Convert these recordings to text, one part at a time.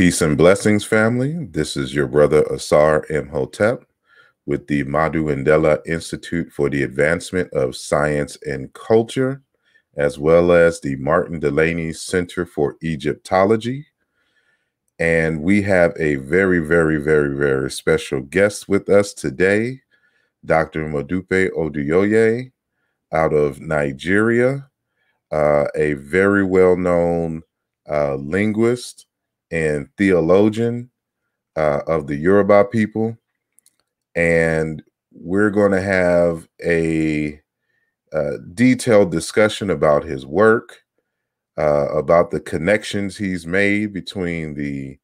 Peace and blessings, family. This is your brother Asar M. Hotep with the Madhu Indela Institute for the Advancement of Science and Culture, as well as the Martin Delaney Center for Egyptology. And we have a very, very, very, very special guest with us today, Dr. Madupe Oduyoye out of Nigeria, uh, a very well known uh, linguist and theologian uh, of the Yoruba people. And we're going to have a uh, detailed discussion about his work, uh, about the connections he's made between the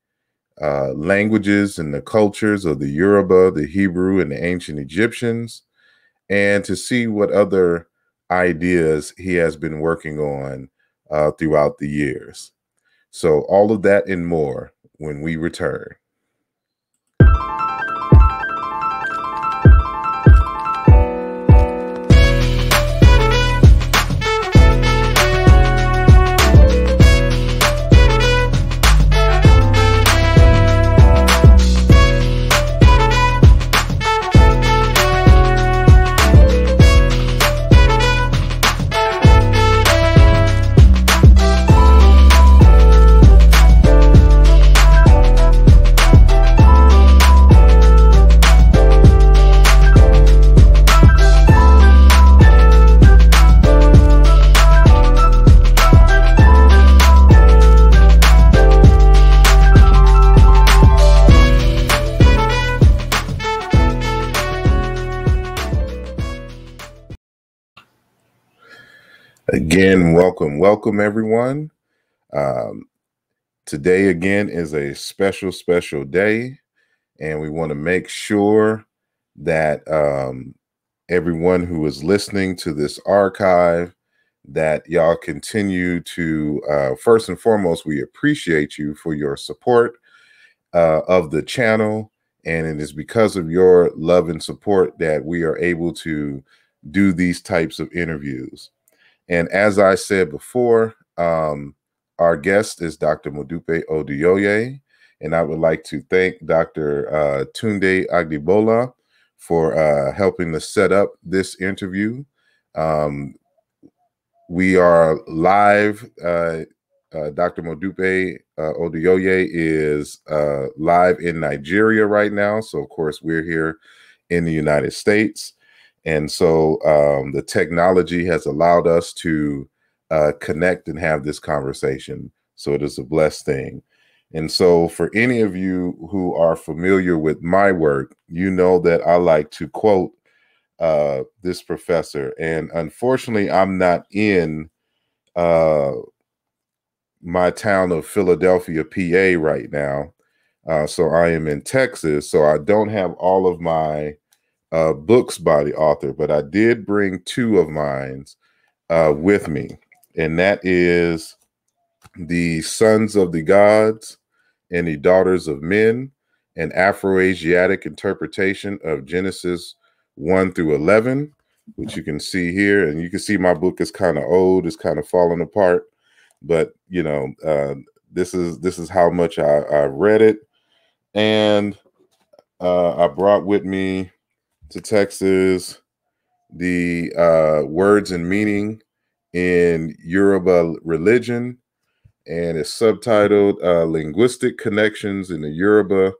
uh, languages and the cultures of the Yoruba, the Hebrew, and the ancient Egyptians, and to see what other ideas he has been working on uh, throughout the years. So all of that and more when we return. Again, welcome, welcome everyone. Um, today, again, is a special, special day, and we want to make sure that um, everyone who is listening to this archive that y'all continue to uh, first and foremost we appreciate you for your support uh, of the channel and it is because of your love and support that we are able to do these types of interviews and as I said before, um, our guest is Dr. Modupe Oduyoye. And I would like to thank Dr. Uh, Tunde Agdibola for uh, helping to set up this interview. Um, we are live. Uh, uh, Dr. Modupe uh, Oduyoye is uh, live in Nigeria right now. So, of course, we're here in the United States. And so um, the technology has allowed us to uh, connect and have this conversation. So it is a blessed thing. And so, for any of you who are familiar with my work, you know that I like to quote uh, this professor. And unfortunately, I'm not in uh, my town of Philadelphia, PA, right now. Uh, so I am in Texas. So I don't have all of my uh, books by the author, but I did bring two of mine uh, with me, and that is the Sons of the Gods and the Daughters of Men, an Afroasiatic interpretation of Genesis 1 through 11, which you can see here. And you can see my book is kind of old, it's kind of falling apart, but you know, uh, this is this is how much I, I read it. And uh, I brought with me to Texas, the uh, words and meaning in Yoruba religion, and it's subtitled uh, Linguistic Connections in the Yoruba,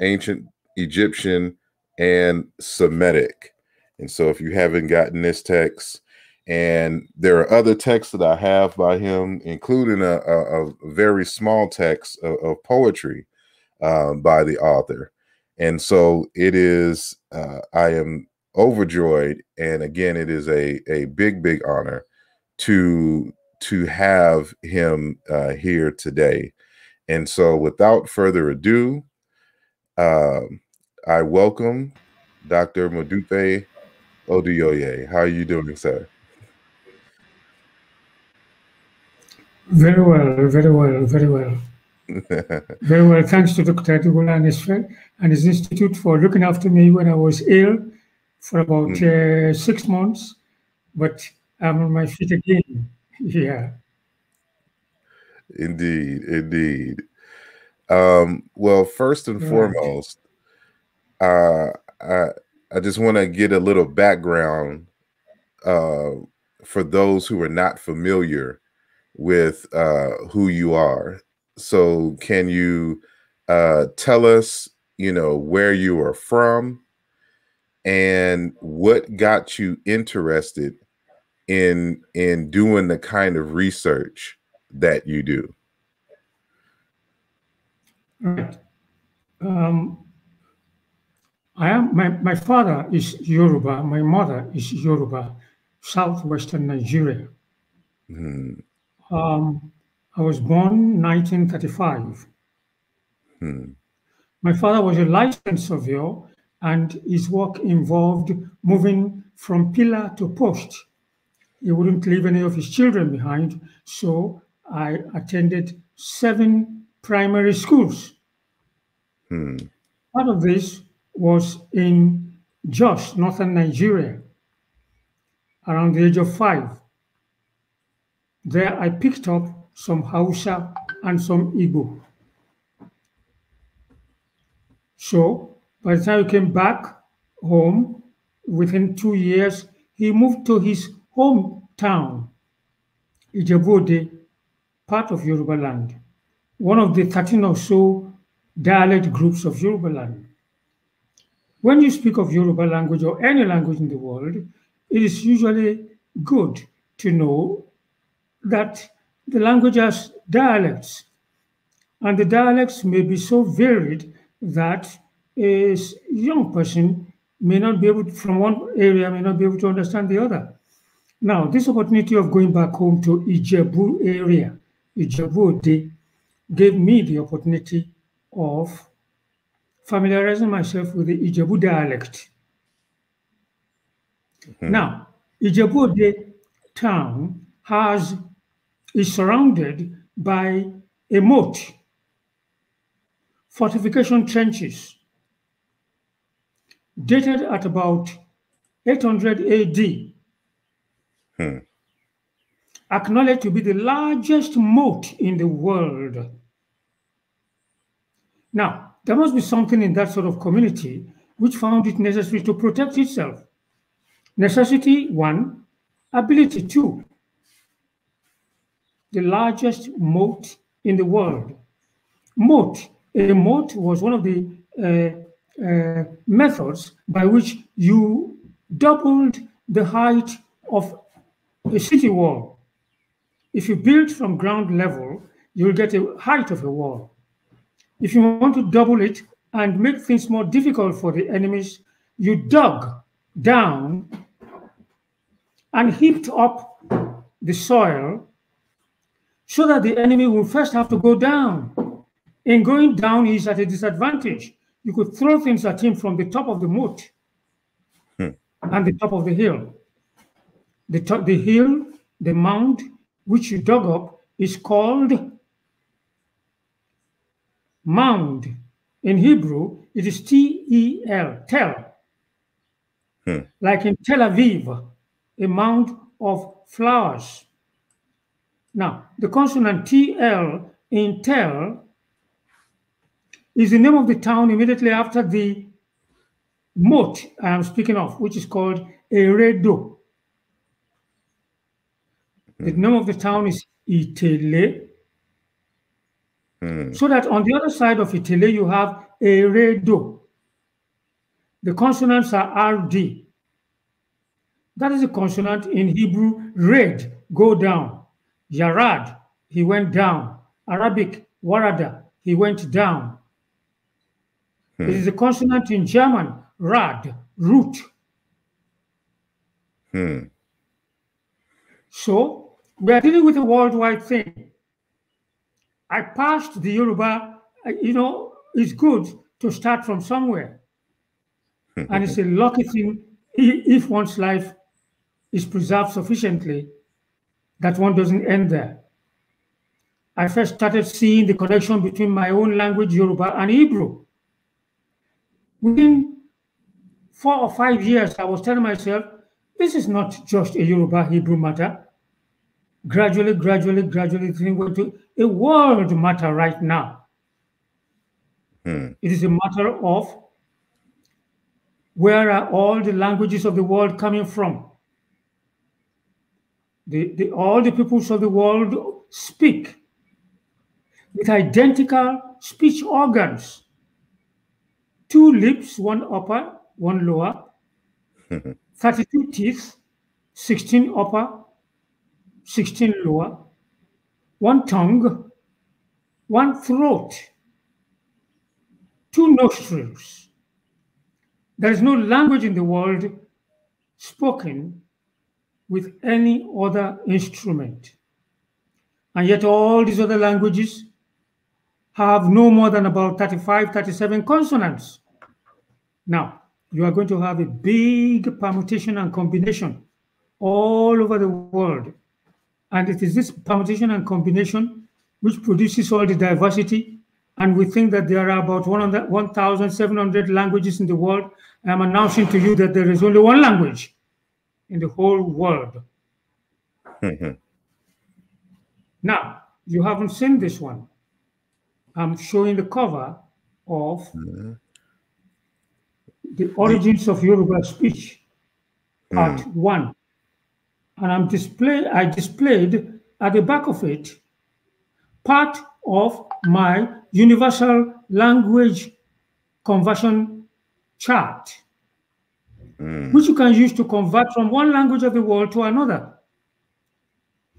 Ancient Egyptian, and Semitic. And so, if you haven't gotten this text, and there are other texts that I have by him, including a, a, a very small text of, of poetry uh, by the author. And so it is, uh, I am overjoyed. And again, it is a, a big, big honor to, to have him uh, here today. And so without further ado, um, I welcome Dr. Madupe Odioye. How are you doing, sir? Very well, very well, very well. Very well. Thanks to Dr. Dugola and his, and his institute for looking after me when I was ill for about mm. uh, six months, but I'm on my feet again. yeah. Indeed, indeed. Um, well, first and right. foremost, uh, I I just want to get a little background uh, for those who are not familiar with uh, who you are so, can you uh, tell us, you know, where you are from and what got you interested in in doing the kind of research that you do? Right. Um, I am my, my father is Yoruba, my mother is Yoruba, southwestern Nigeria. Mm. Um, I was born 1935. Hmm. My father was a licensed surveyor, and his work involved moving from pillar to post. He wouldn't leave any of his children behind, so I attended seven primary schools. Hmm. Part of this was in Jos, northern Nigeria, around the age of five. There I picked up some Hausa, and some Igbo. So by the time he came back home, within two years, he moved to his hometown, Ijebode, part of Yoruba land, one of the 13 or so dialect groups of Yoruba land. When you speak of Yoruba language or any language in the world, it is usually good to know that the language has dialects, and the dialects may be so varied that a young person may not be able to, from one area may not be able to understand the other. Now, this opportunity of going back home to Ijebu area, Ijebu Ode, gave me the opportunity of familiarizing myself with the Ijebu dialect. Mm -hmm. Now, Ijebu Ode town has is surrounded by a moat, fortification trenches, dated at about 800 AD, hmm. acknowledged to be the largest moat in the world. Now, there must be something in that sort of community which found it necessary to protect itself. Necessity, one, ability, two the largest moat in the world. Moat, a moat was one of the uh, uh, methods by which you doubled the height of a city wall. If you build from ground level, you'll get a height of a wall. If you want to double it and make things more difficult for the enemies, you dug down and heaped up the soil so that the enemy will first have to go down. In going down, he's at a disadvantage. You could throw things at him from the top of the moat hmm. and the top of the hill. The top, the hill, the mound which you dug up is called mound. In Hebrew, it is T E L, tel. Hmm. Like in Tel Aviv, a mound of flowers. Now, the consonant TL in tell is the name of the town immediately after the moat I'm speaking of, which is called Eredo. The hmm. name of the town is Itele. Hmm. So that on the other side of Itele, you have Eredo. The consonants are RD. That is a consonant in Hebrew, red, go down. Yarad, he went down. Arabic, Warada, he went down. Hmm. It is a consonant in German, rad, root. Hmm. So we are dealing with a worldwide thing. I passed the Yoruba, uh, you know, it's good to start from somewhere. and it's a lucky thing if one's life is preserved sufficiently that one doesn't end there. I first started seeing the connection between my own language, Yoruba, and Hebrew. Within four or five years, I was telling myself, this is not just a Yoruba Hebrew matter. Gradually, gradually, gradually, it's went to a world matter right now. Hmm. It is a matter of where are all the languages of the world coming from? the, the, all the peoples of the world speak with identical speech organs two lips, one upper, one lower, 32 teeth, 16 upper, 16 lower, one tongue, one throat, two nostrils. There is no language in the world spoken with any other instrument. And yet all these other languages have no more than about 35, 37 consonants. Now, you are going to have a big permutation and combination all over the world. And it is this permutation and combination which produces all the diversity. And we think that there are about 1,700 languages in the world. I'm announcing to you that there is only one language in the whole world. Mm-hmm. Now, you haven't seen this one. I'm showing the cover of mm-hmm. The Origins of Yoruba Speech, Part mm 1. And I'm display I displayed at the back of it part of my universal language conversion chart mm. which you can use to convert from one language of the world to another.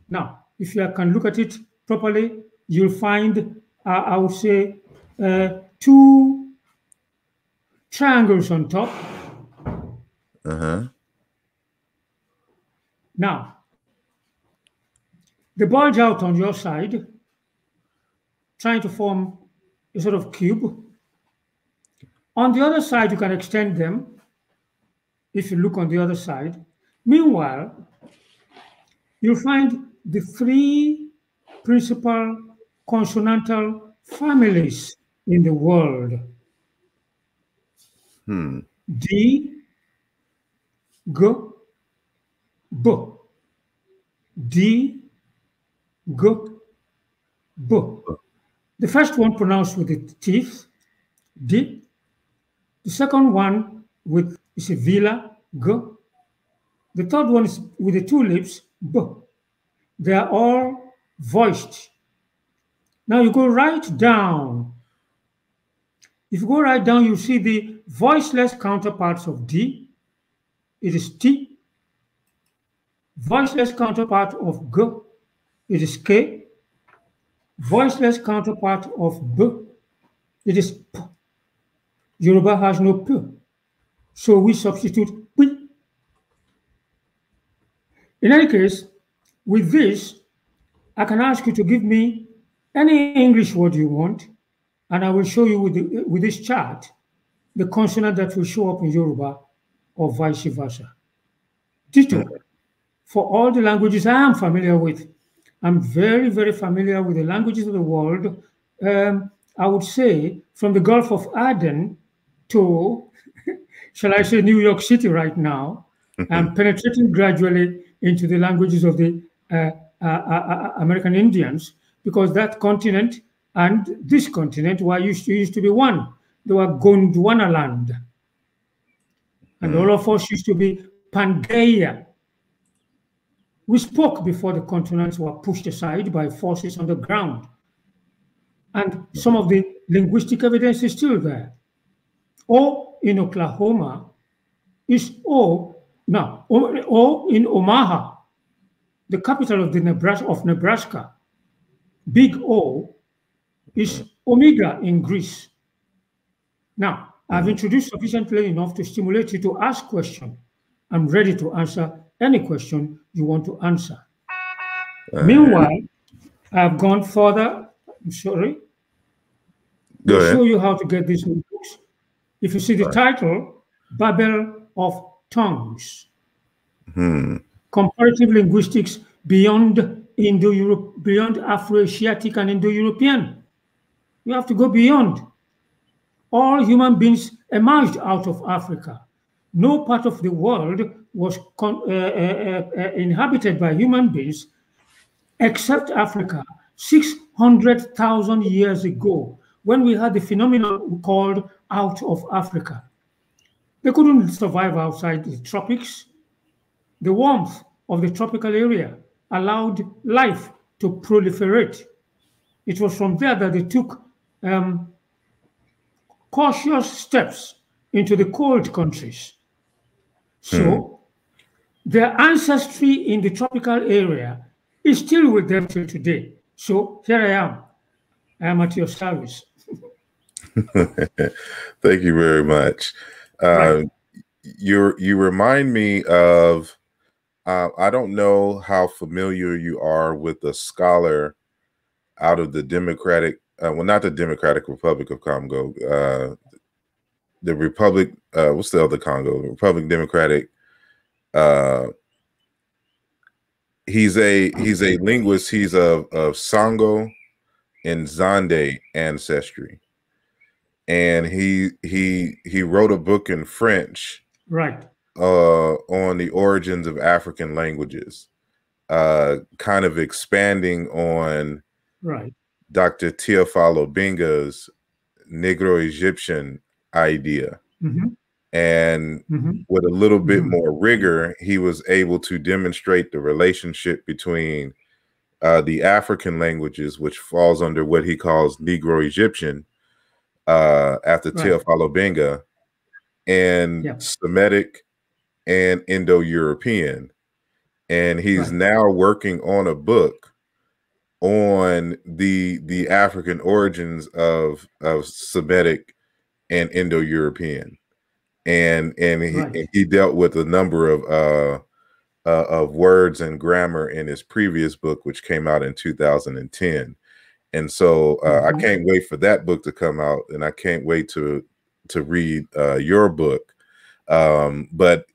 Now, if you can look at it properly, you'll find, uh, I would say, uh, two triangles on top. Uh-huh. Now, they bulge out on your side, trying to form a sort of cube. On the other side, you can extend them if you look on the other side. Meanwhile, you find the three principal consonantal families in the world. Hmm. D, G, B. D, G, B. The first one pronounced with the teeth, D. The second one with it's a villa, G. The third one is with the two lips, B. They are all voiced. Now you go right down. If you go right down, you see the voiceless counterparts of D. It is T. Voiceless counterpart of G. It is K. Voiceless counterpart of B. It is P. Yoruba has no P. So we substitute we. In any case, with this, I can ask you to give me any English word you want, and I will show you with, the, with this chart the consonant that will show up in Yoruba or vice versa. Tito, for all the languages I am familiar with, I'm very, very familiar with the languages of the world. Um, I would say from the Gulf of Aden to shall I say, New York City right now, mm-hmm. and penetrating gradually into the languages of the uh, uh, uh, uh, uh American Indians, because that continent and this continent were used to, used to be one. They were Gondwana land. And mm. all of us used to be Pangaea. We spoke before the continents were pushed aside by forces on the ground. And some of the linguistic evidence is still there. Or in Oklahoma is O, now, o, in Omaha, the capital of the Nebraska, of Nebraska. Big O is Omega in Greece. Now, I've mm. introduced sufficiently enough to stimulate you to ask questions. I'm ready to answer any question you want to answer. Uh, Meanwhile, I've gone further. I'm sorry. Go ahead. show you how to get this if you see the right. title, Babel of Tongues hmm. Comparative Linguistics Beyond Indo Europe, Beyond Afro Asiatic and Indo European. You have to go beyond. All human beings emerged out of Africa. No part of the world was uh, uh, uh, uh, inhabited by human beings except Africa 600,000 years ago when we had the phenomenon called out of Africa. They couldn't survive outside the tropics. The warmth of the tropical area allowed life to proliferate. It was from there that they took um, cautious steps into the cold countries. So mm. their ancestry in the tropical area is still with them till today. So here I am. I am at your service. Thank you very much. Um, you you remind me of. Uh, I don't know how familiar you are with a scholar out of the Democratic, uh, well, not the Democratic Republic of Congo, uh, the Republic. Uh, what's the other Congo? Republic Democratic. Uh, he's a he's a linguist. He's of of Sango and Zande ancestry and he he he wrote a book in French, right? Uh, on the origins of African languages, uh, kind of expanding on right Dr. Teofilo Binga's Negro Egyptian idea. Mm-hmm. And mm-hmm. with a little bit mm-hmm. more rigor, he was able to demonstrate the relationship between uh, the African languages, which falls under what he calls Negro Egyptian, uh, after right. and yep. Semitic and Indo-European. And he's right. now working on a book on the the African origins of of Semitic and Indo-European. And and he, right. and he dealt with a number of uh, uh, of words and grammar in his previous book, which came out in 2010 and so uh, mm-hmm. I can't wait for that book to come out, and I can't wait to to read uh, your book. Um, but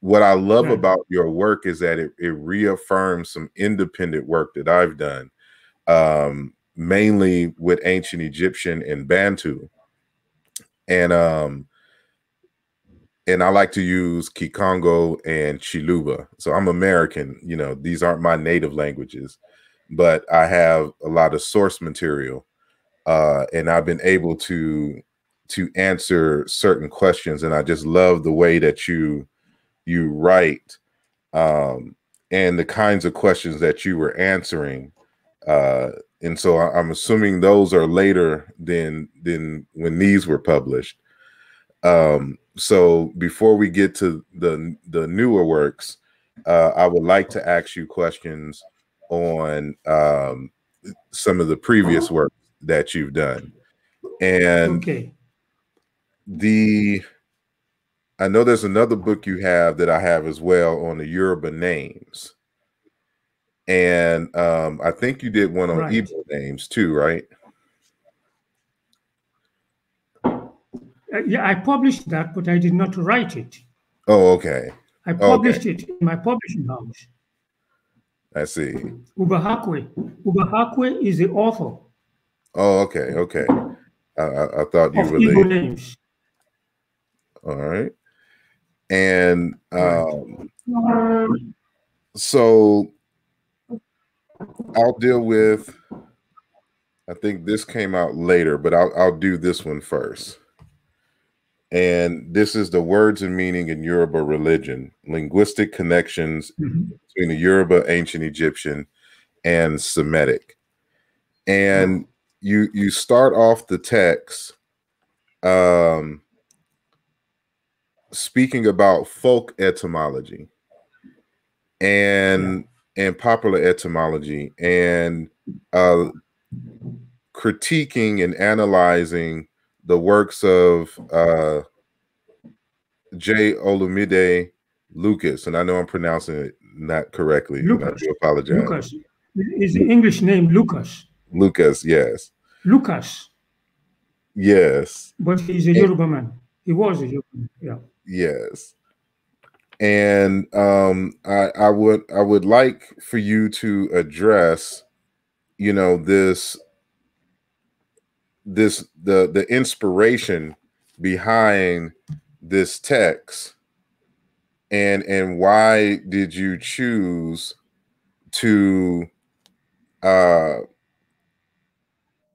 what I love mm-hmm. about your work is that it, it reaffirms some independent work that I've done, um, mainly with ancient Egyptian and Bantu, and um, and I like to use Kikongo and Chiluba. So I'm American. You know, these aren't my native languages but I have a lot of source material, uh, and I've been able mm-hmm. to to answer certain questions. And I just love the way that you you write, um, and the kinds of questions that you were answering. Uh, and so I, am assuming those are later than than when these were published. Um, so before we get to the the newer works, uh, I would like to ask you questions on um, some of the previous uh-huh. work that you've done. And okay. the I know there's another book you have that I have as well on the Yoruba names. And um, I think you did one on right. Igbo names too, right? Uh, yeah, I published that, but I did not write it. Oh, okay. I published okay. it in my publishing house. I see. Ubahakwe. Ubahakwe is the author. Oh, okay, okay. I, I, I thought you of related. names. All right. And um, so I'll deal with, I think this came out later, but I'll, I'll do this one first. And this is the words and meaning in Yoruba religion, linguistic connections mm-hmm. between the Yoruba, ancient Egyptian, and Semitic. And you you start off the text um, speaking about folk etymology and and popular etymology and uh, critiquing and analyzing the works of uh, J. Olumide Lucas, and I know I'm pronouncing it not correctly. Lucas. I do apologize. Lucas is the English name Lucas. Lucas, yes. Lucas. Yes. But he's a and, Yoruba man. He was a Yoruba man. Yeah. Yes. And um, I, I would I would like for you to address, you know, this this the the inspiration behind this text and and why did you choose to uh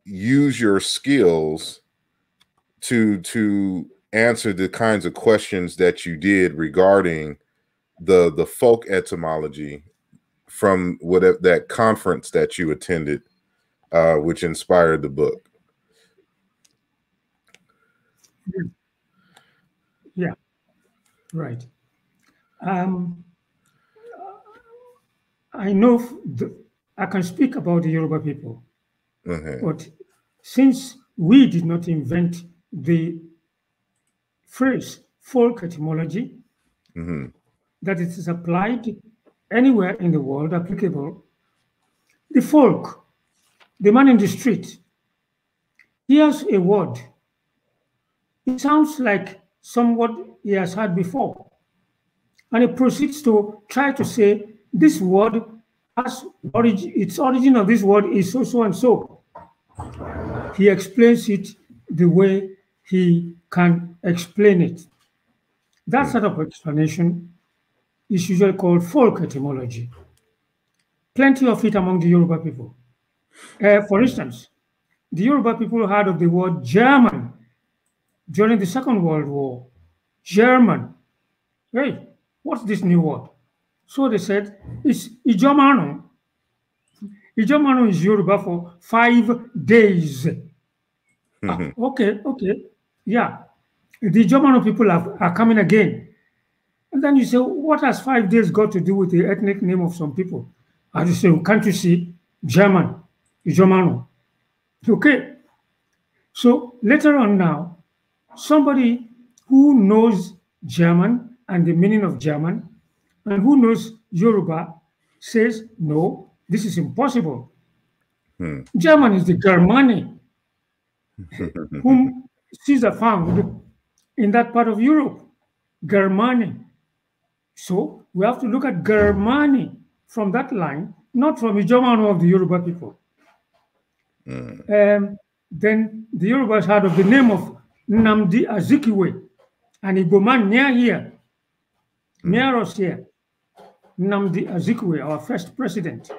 use your skills to to answer the kinds of questions that you did regarding the the folk etymology from whatever that conference that you attended uh which inspired the book yeah. yeah. Right. Um, I know the, I can speak about the Yoruba people, okay. Uh-huh. but since we did not invent the phrase folk etymology mm-hmm. that it is applied anywhere in the world applicable, the folk, the man in the street, hears a word it sounds like somewhat he has heard before. And he proceeds to try to say this word has origin, its origin of this word is so so and so. He explains it the way he can explain it. That sort of explanation is usually called folk etymology. Plenty of it among the Yoruba people. Uh, for instance, the Yoruba people heard of the word German during the Second World War, German. Hey, what's this new word? So they said, it's Ijomano. Ijomano is Yoruba for five days. ah, mm-hmm. okay, okay, yeah. The Germano people are, are coming again. And then you say, what has five days got to do with the ethnic name of some people? And you say, can't you see German, Germano? Okay. So later on now, somebody who knows German and the meaning of German and who knows Yoruba says, no, this is impossible. Hmm. German is the Germani whom Caesar found in that part of Europe, Germani. So we have to look at Germani from that line, not from the German of the Yoruba people. Mm. Um, then the Yorubas heard of the name of Namdi Azikiwe, an Igboman near here, near hmm. us here. Namdi Azikiwe, our first president.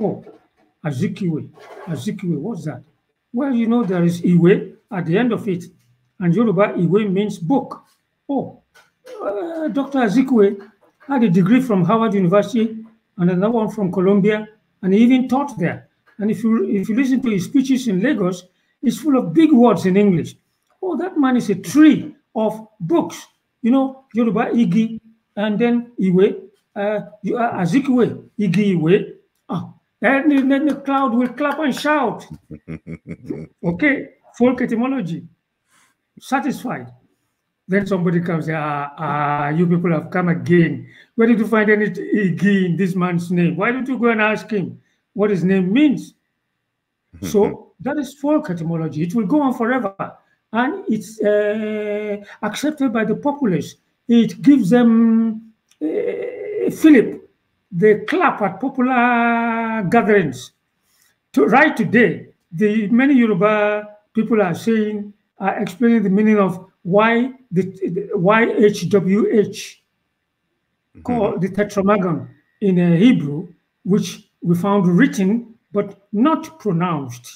Oh, Azikiwe, Azikiwe, what's that? Well, you know, there is Iwe at the end of it, and Yoruba Iwe means book. Oh, uh, Dr. Azikiwe had a degree from Harvard University and another one from Columbia, and he even taught there. And if you, if you listen to his speeches in Lagos, it's full of big words in English. Oh, that man is a tree of books. You know, Yoruba Igi, and then Iwe, uh, you are Azikwe, Igi Iwe. Ah, and then the cloud will clap and shout. okay, folk etymology. Satisfied. Then somebody comes, ah, ah, you people have come again. Where did you find any Igi in this man's name? Why don't you go and ask him what his name means? so that is folk etymology. It will go on forever and it's uh, accepted by the populace. It gives them uh, Philip. the clap at popular gatherings. To, right today, the many Yoruba people are saying, are explaining the meaning of why the YHWH, mm -hmm. the Tetramagon in uh, Hebrew, which we found written but not pronounced.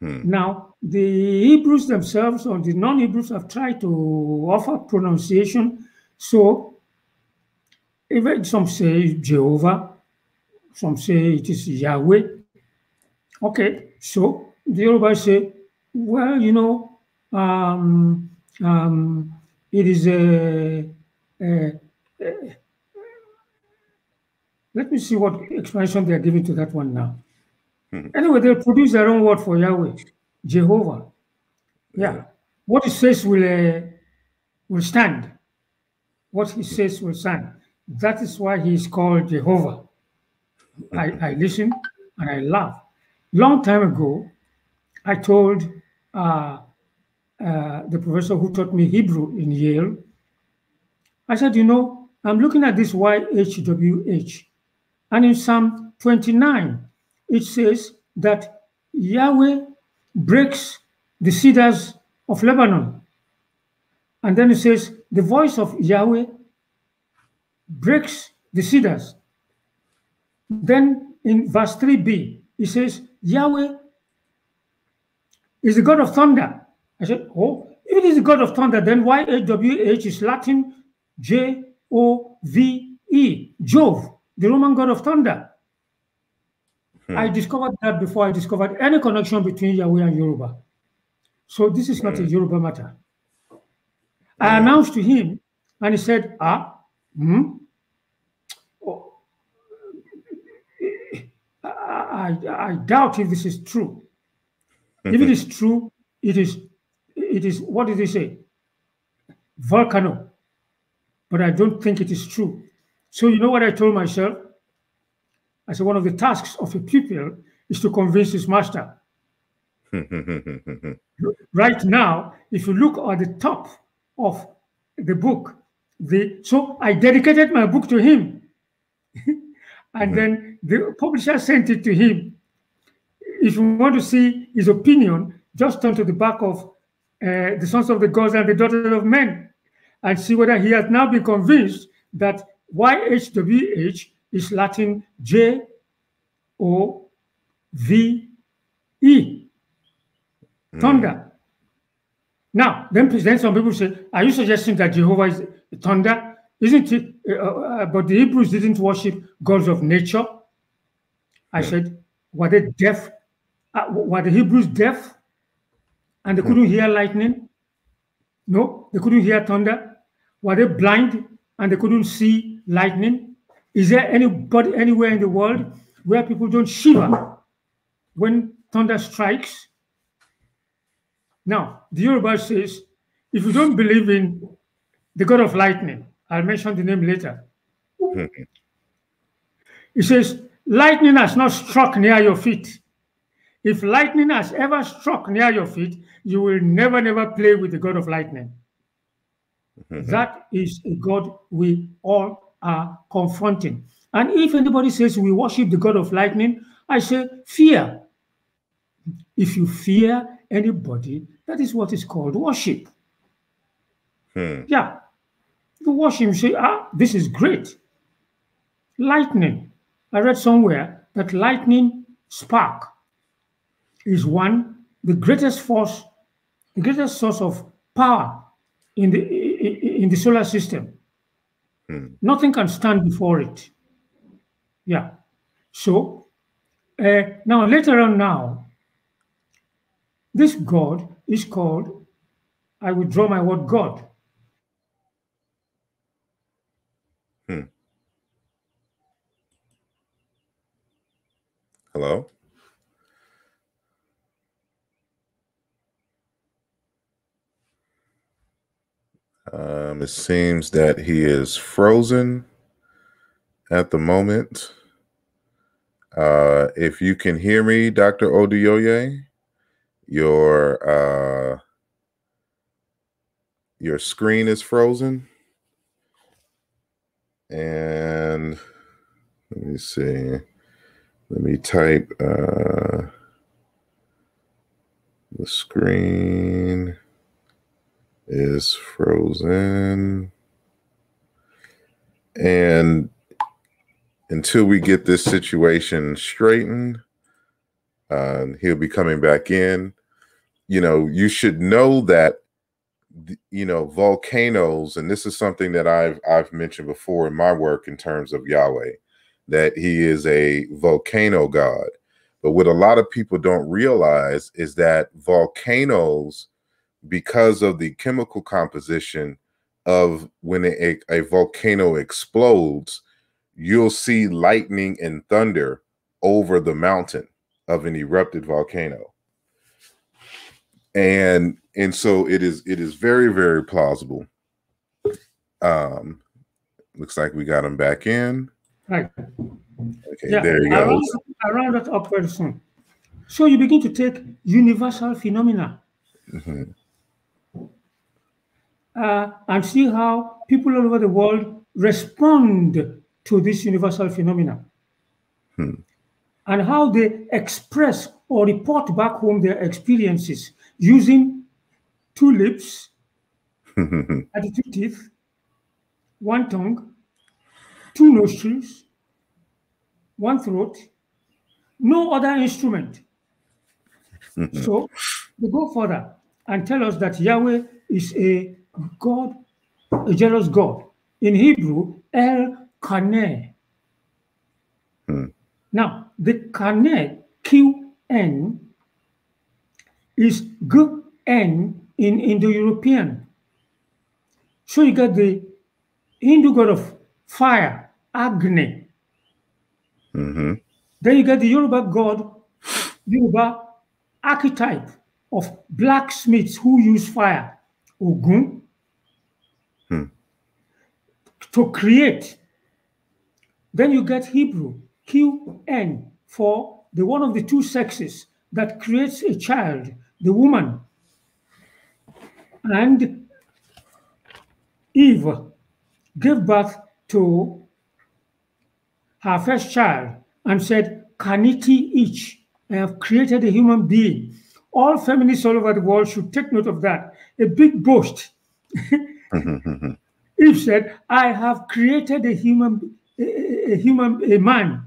Hmm. Now, the Hebrews themselves or the non Hebrews have tried to offer pronunciation. So, even some say Jehovah, some say it is Yahweh. Okay, so the Yoruba say, well, you know, um, um, it is a, a, a, let me see what explanation they are giving to that one now. Mm-hmm. Anyway, they'll produce their own word for Yahweh, Jehovah. Yeah. yeah. What he says will, uh, will stand. What he says will stand. That is why he is called Jehovah. Mm-hmm. I, I listen and I laugh. Long time ago, I told uh, uh, the professor who taught me Hebrew in Yale, I said, you know, I'm looking at this YHWH. And in Psalm 29, it says that Yahweh breaks the cedars of Lebanon. And then it says, the voice of Yahweh breaks the cedars. Then in verse 3b, it says, Yahweh is the God of thunder. I said, oh, if it is the God of thunder, then why is Latin J-O-V-E, Jove, the Roman God of thunder. Hmm. I discovered that before I discovered any connection between Yahweh and Yoruba. So this is not hmm. a Yoruba matter. I hmm. announced to him, and he said, Ah, hmm? Oh, I, I, I doubt if this is true. if it is true, it is, it is, what did he say? Volcano. But I don't think it is true. So you know what I told myself? I said, one of the tasks of a pupil is to convince his master. right now, if you look at the top of the book, the so I dedicated my book to him. and mm -hmm. then the publisher sent it to him. If you want to see his opinion, just turn to the back of uh, The Sons of the Gods and the Daughters of Men and see whether he has now been convinced that YHWH is Latin J O V E. Hmm. Thunder. Mm. Now, then, then some people say, Are you suggesting that Jehovah is thunder? Isn't it? Uh, uh, uh, but the Hebrews didn't worship gods of nature. I mm. said, Were they deaf? Uh, were the Hebrews deaf? And they hmm. couldn't hear lightning? No, they couldn't hear thunder. Were they blind and they couldn't see lightning? Is there anybody anywhere in the world where people don't shiver when thunder strikes? Now, the Yoruba says, if you don't believe in the god of lightning, I'll mention the name later. He says, lightning has not struck near your feet. If lightning has ever struck near your feet, you will never, never play with the god of lightning. that is a god we all are confronting. And if anybody says we worship the God of lightning, I say fear. If you fear anybody, that is what is called worship. Hmm. Yeah. You worship, you say, ah, this is great. Lightning. I read somewhere that lightning spark is one, the greatest force, the greatest source of power in the in the solar system. Mm. Nothing can stand before it. Yeah. So uh, now later on now, this God is called, I withdraw my word God. Hmm. Hello? Um, it seems that he is frozen at the moment. Uh, if you can hear me, Dr. Odioye, your uh, your screen is frozen. And let me see. Let me type uh, the screen is frozen. And until we get this situation straightened, uh, he'll be coming back in. You know, you should know that you know volcanoes and this is something that I've I've mentioned before in my work in terms of Yahweh that he is a volcano god. But what a lot of people don't realize is that volcanoes because of the chemical composition of when a, a volcano explodes, you'll see lightning and thunder over the mountain of an erupted volcano. And and so it is it is very, very plausible. Um looks like we got him back in. Right. Okay, yeah, there he goes. Around, that up very soon. So you begin to take universal phenomena. Mm-hmm uh, and see how people all over the world respond to this universal phenomenon hmm. and how they express or report back home their experiences using two lips, two teeth, one tongue, two nostrils, one throat, no other instrument. so they go further and tell us that Yahweh is a God, a jealous God. In Hebrew, El Kane. Hmm. Now, the Kane, Q-N, is G-N in Indo-European. So you get the Hindu god of fire, Agni. Mm-hmm. Then you get the Yoruba god, Yoruba archetype of blacksmiths who use fire, Ogun to create. Then you get Hebrew, QN, for the one of the two sexes that creates a child, the woman. And Eve gave birth to her first child and said, Kaniti each. I have created a human being. All feminists all over the world should take note of that. A big boast. Mm-hmm, mm-hmm. Eve said, I have created a human, a, human, a man.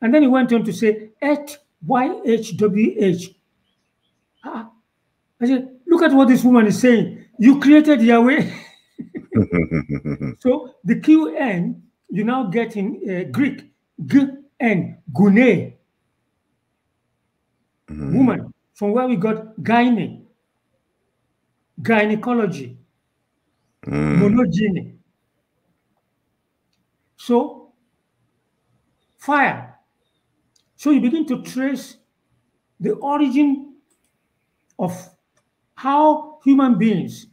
And then he went on to say, et YHWH. Ah, I said, look at what this woman is saying. You created Yahweh. so the QN, you now get in uh, Greek, G and Gune, mm. woman, from where we got gyne, gynecology mm. monogeny. So, fire. So you begin to trace the origin of how human beings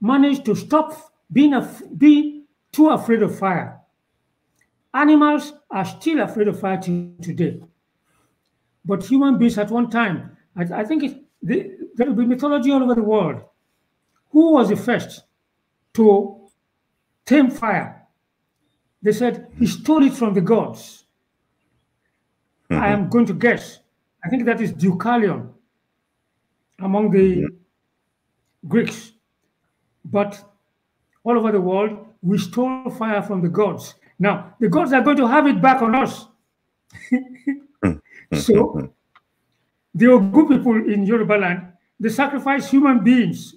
manage to stop being, af- being too afraid of fire. Animals are still afraid of fire today. But human beings at one time, I, I think it, the, there will be mythology all over the world. Who was the first? to tame fire. They said he stole it from the gods. Mm -hmm. I mm-hmm. am going to guess. I think that is Deucalion among the yeah. Mm-hmm. Greeks. But all over the world, we stole fire from the gods. Now, the gods are going to have it back on us. so, the Ogu people in Yoruba land, they sacrifice human beings.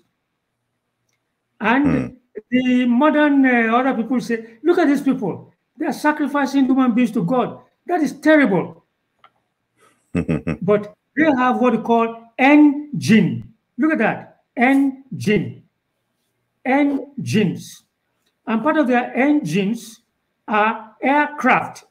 And mm the modern uh, other people say, look at these people. They are sacrificing human beings to God. That is terrible. but they have what we call engine. Look at that. Engine. Engines. And part of their engines are aircraft.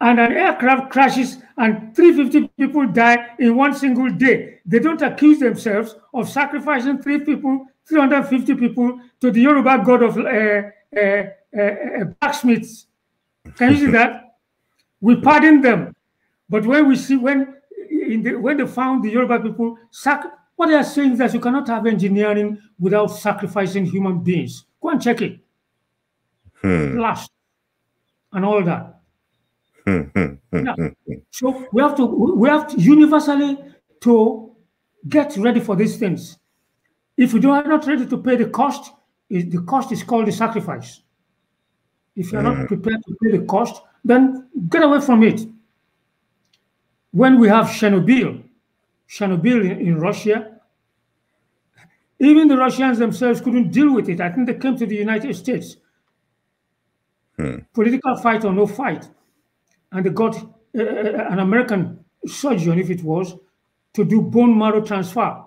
And an aircraft crashes and 350 people die in one single day. They don't accuse themselves of sacrificing three people 350 people to the Yoruba god of uh, blacksmiths. Can you see that? We pardoned them, but when we see when in the, when they found the Yoruba people, sac- what they are saying is that you cannot have engineering without sacrificing human beings. Go and check it. Hmm. Last and all that. yeah. So we have to we have to universally to get ready for these things. If you are not ready to pay the cost, the cost is called the sacrifice. If you are mm. not prepared to pay the cost, then get away from it. When we have Chernobyl, Chernobyl in, in Russia, even the Russians themselves couldn't deal with it. I think they came to the United States. Mm. Political fight or no fight. And they got uh, uh, an American surgeon, if it was, to do bone marrow transfer.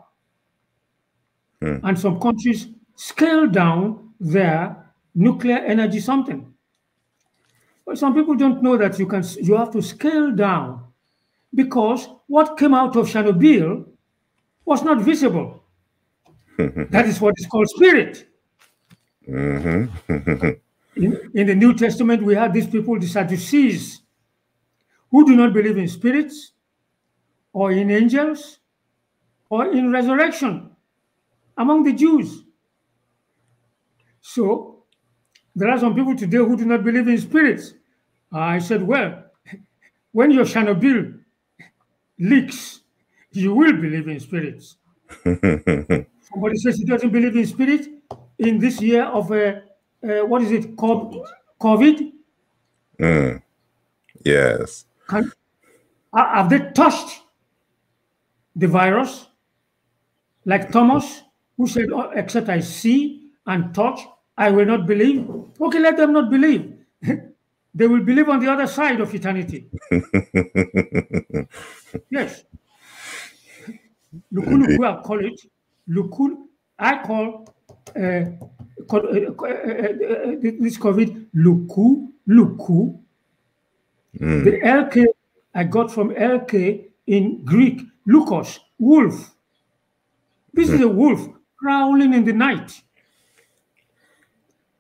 Mm. And some countries scale down their nuclear energy something. But some people don't know that you can you have to scale down because what came out of Chernobyl was not visible. that is what is called spirit. Mm-hmm. in, in the New Testament, we had these people, the Sadducees, who do not believe in spirits or in angels or in resurrection among the Jews. So there are some people today who do not believe in spirits. I said, well, when your Chernobyl leaks, you will believe in spirits. Somebody says he doesn't believe in spirit in this year of a, uh, uh, what is it, COVID? Mm. Yes. Can, have they touched the virus like Thomas? who said, oh, except I see and touch, I will not believe. Okay, let them not believe. they will believe on the other side of eternity. yes. Lukuluku, I call it. Lukul, I call uh, uh, uh, uh, this COVID Luku, Luku. Mm. The LK I got from LK in Greek, Lukos, wolf. This mm. is hmm. a wolf prowling in the night.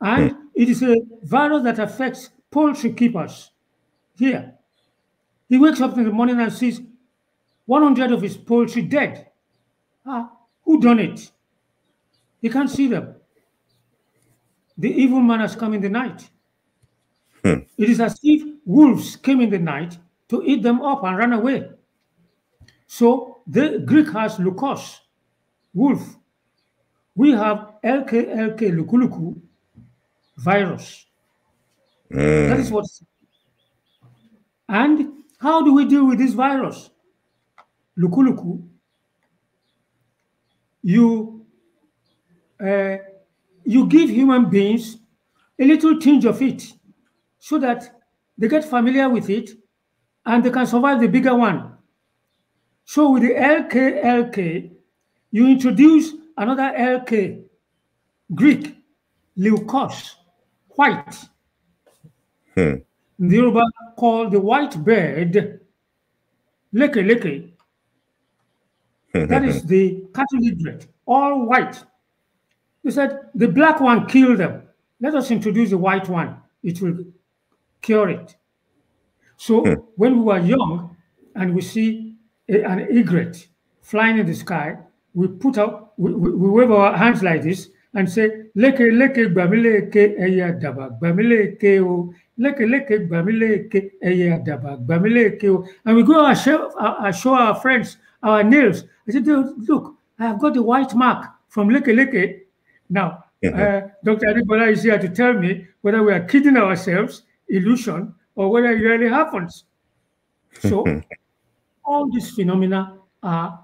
And it is a virus that affects poultry keepers here. He wakes up in the morning and sees 100 of his poultry dead. Ah, who done it? He can't see them. The evil man has come in the night. Hmm. It is as if wolves came in the night to eat them up and run away. So the Greek has leukos, wolf we have LKLK Lukuluku virus. Mm. That is what. And how do we deal with this virus? Lukuluku, you uh, you give human beings a little tinge of it so that they get familiar with it and they can survive the bigger one. So with the LKLK, you introduce Another LK, Greek, leukos white. Hmm. The Yoruba call the white bird leke leke. that is the cattle all white. They said the black one killed them. Let us introduce the white one. It will cure it. So hmm. when we were young and we see a, an egret flying in the sky, we put out, we, we wave our hands like this and say, leke leke gbamileke eya daba, gbamileke o, leke leke bamileke eya daba, bamileke o. And we go and show, uh, uh show our friends our nails. I said, look, I have got the white mark from leke leke. Now, mm uh, Dr. Adibola is here to tell me whether we are kidding ourselves, illusion, or whether it really happens. So all these phenomena are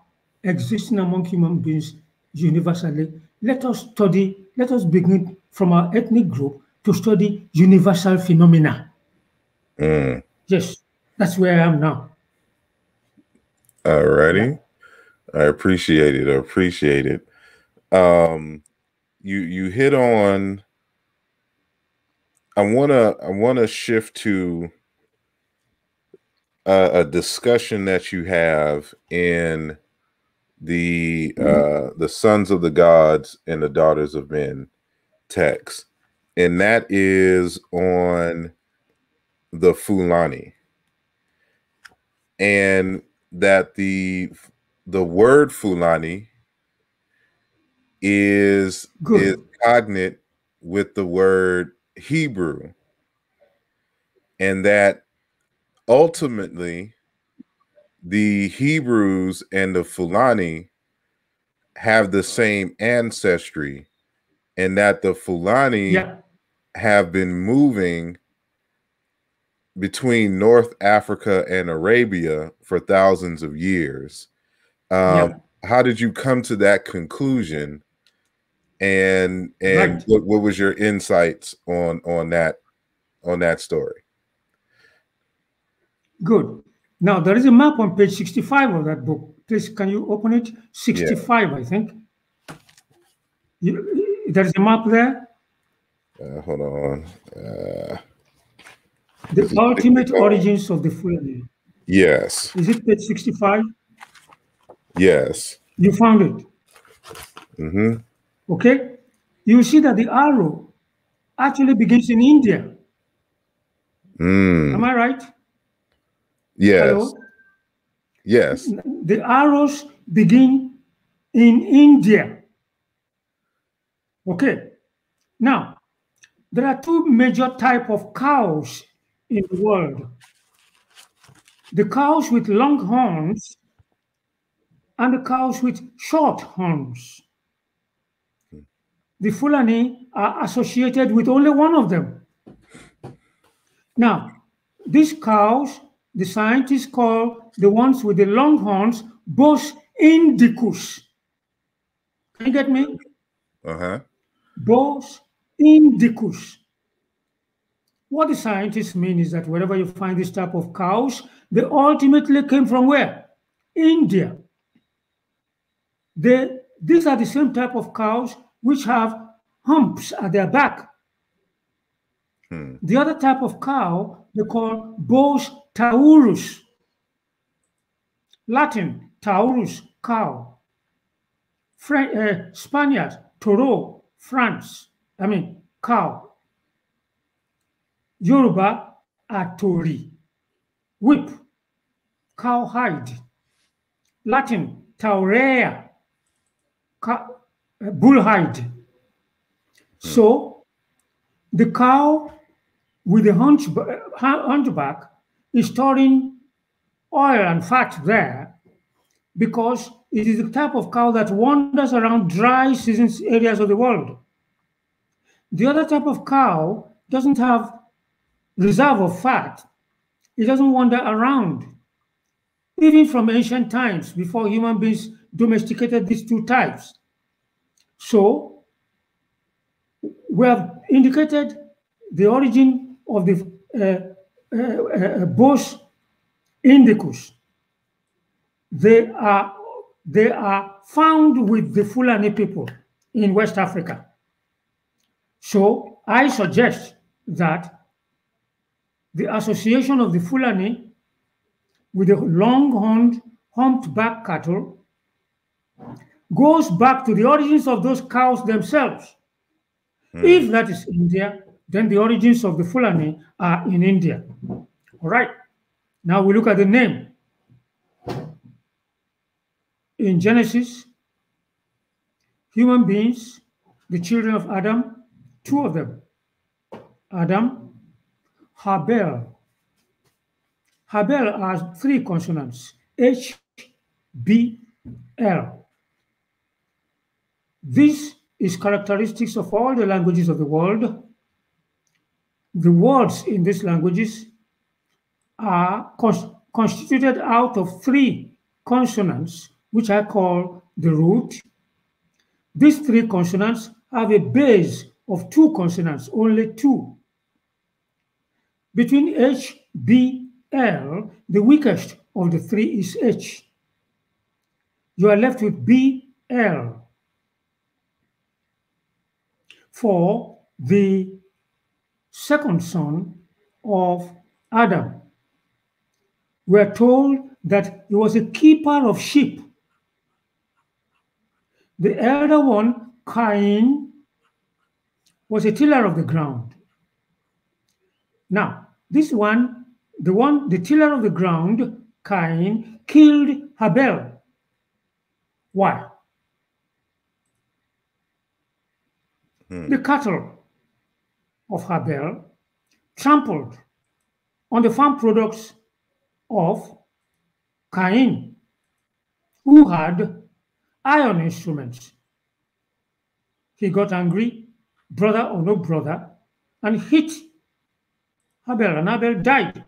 existing among human beings universally, let us study, let us begin from our ethnic group to study universal phenomena. Mm. Yes, that's where I am now. Alrighty. I appreciate it. I appreciate it. Um you you hit on I wanna I wanna shift to a, a discussion that you have in the mm-hmm. uh, the sons of the gods and the daughters of men text, and that is on the Fulani, and that the the word Fulani is Good. is cognate with the word Hebrew, and that ultimately the Hebrews and the Fulani have the same ancestry, and that the Fulani yeah. have been moving between North Africa and Arabia for thousands of years. Um, yeah. How did you come to that conclusion? And and right. what, what was your insights on on that on that story? Good. Now, there is a map on page 65 of that book. Please, can you open it? 65, yeah. I think. You, there's a map there. Uh, hold on. Uh, the ultimate it, origins of the Fulani. Yes. Is it page 65? Yes. You found it. Mm-hmm. Okay. You see that the arrow actually begins in India. Mm. Am I right? Yes. Hello? Yes. The arrows begin in India. Okay. Now, there are two major type of cows in the world. The cows with long horns and the cows with short horns. The Fulani are associated with only one of them. Now, these cows the scientists call the ones with the long horns Bos indicus. Can you get me? Uh-huh. Bos indicus. What the scientists mean is that wherever you find this type of cows, they ultimately came from where? India. They, these are the same type of cows which have humps at their back. Hmm. The other type of cow they call Bos Taurus, Latin, Taurus, cow. Spanish uh, Spaniard, toro, France, I mean, cow. Yoruba, atori, whip, cowhide. Latin, taurea, cow, uh, bullhide. So, the cow with the uh, hunchback, hunchback storing oil and fat there because it is the type of cow that wanders around dry season areas of the world. The other type of cow doesn't have reserve of fat. It doesn't wander around. Even from ancient times, before human beings domesticated these two types. So, we have indicated the origin of the uh, Bos indicus. They are, they are found with the Fulani people in West Africa. So I suggest that the association of the Fulani with the long-horned, humped-back cattle goes back to the origins of those cows themselves. Mm. If that is India, then the origins of the Fulani are in India. All right. Now we look at the name. In Genesis, human beings, the children of Adam, two of them, Adam, Habel. Habel has three consonants, H, B, L. This is characteristics of all the languages of the world the words in these languages are cons constituted out of three consonants, which I call the root. These three consonants have a base of two consonants, only two. Between H, B, L, the weakest of the three is H. You are left with B, L. For the second son of Adam. We're told that he was a keeper of sheep. The elder one, Cain, was a tiller of the ground. Now, this one, the one, the tiller of the ground, Cain, killed Habel. Why? Hmm. The cattle of Havel trampled on the farm products of Cain, who had iron instruments. He got angry, brother or no brother, and hit Abel, and Abel died.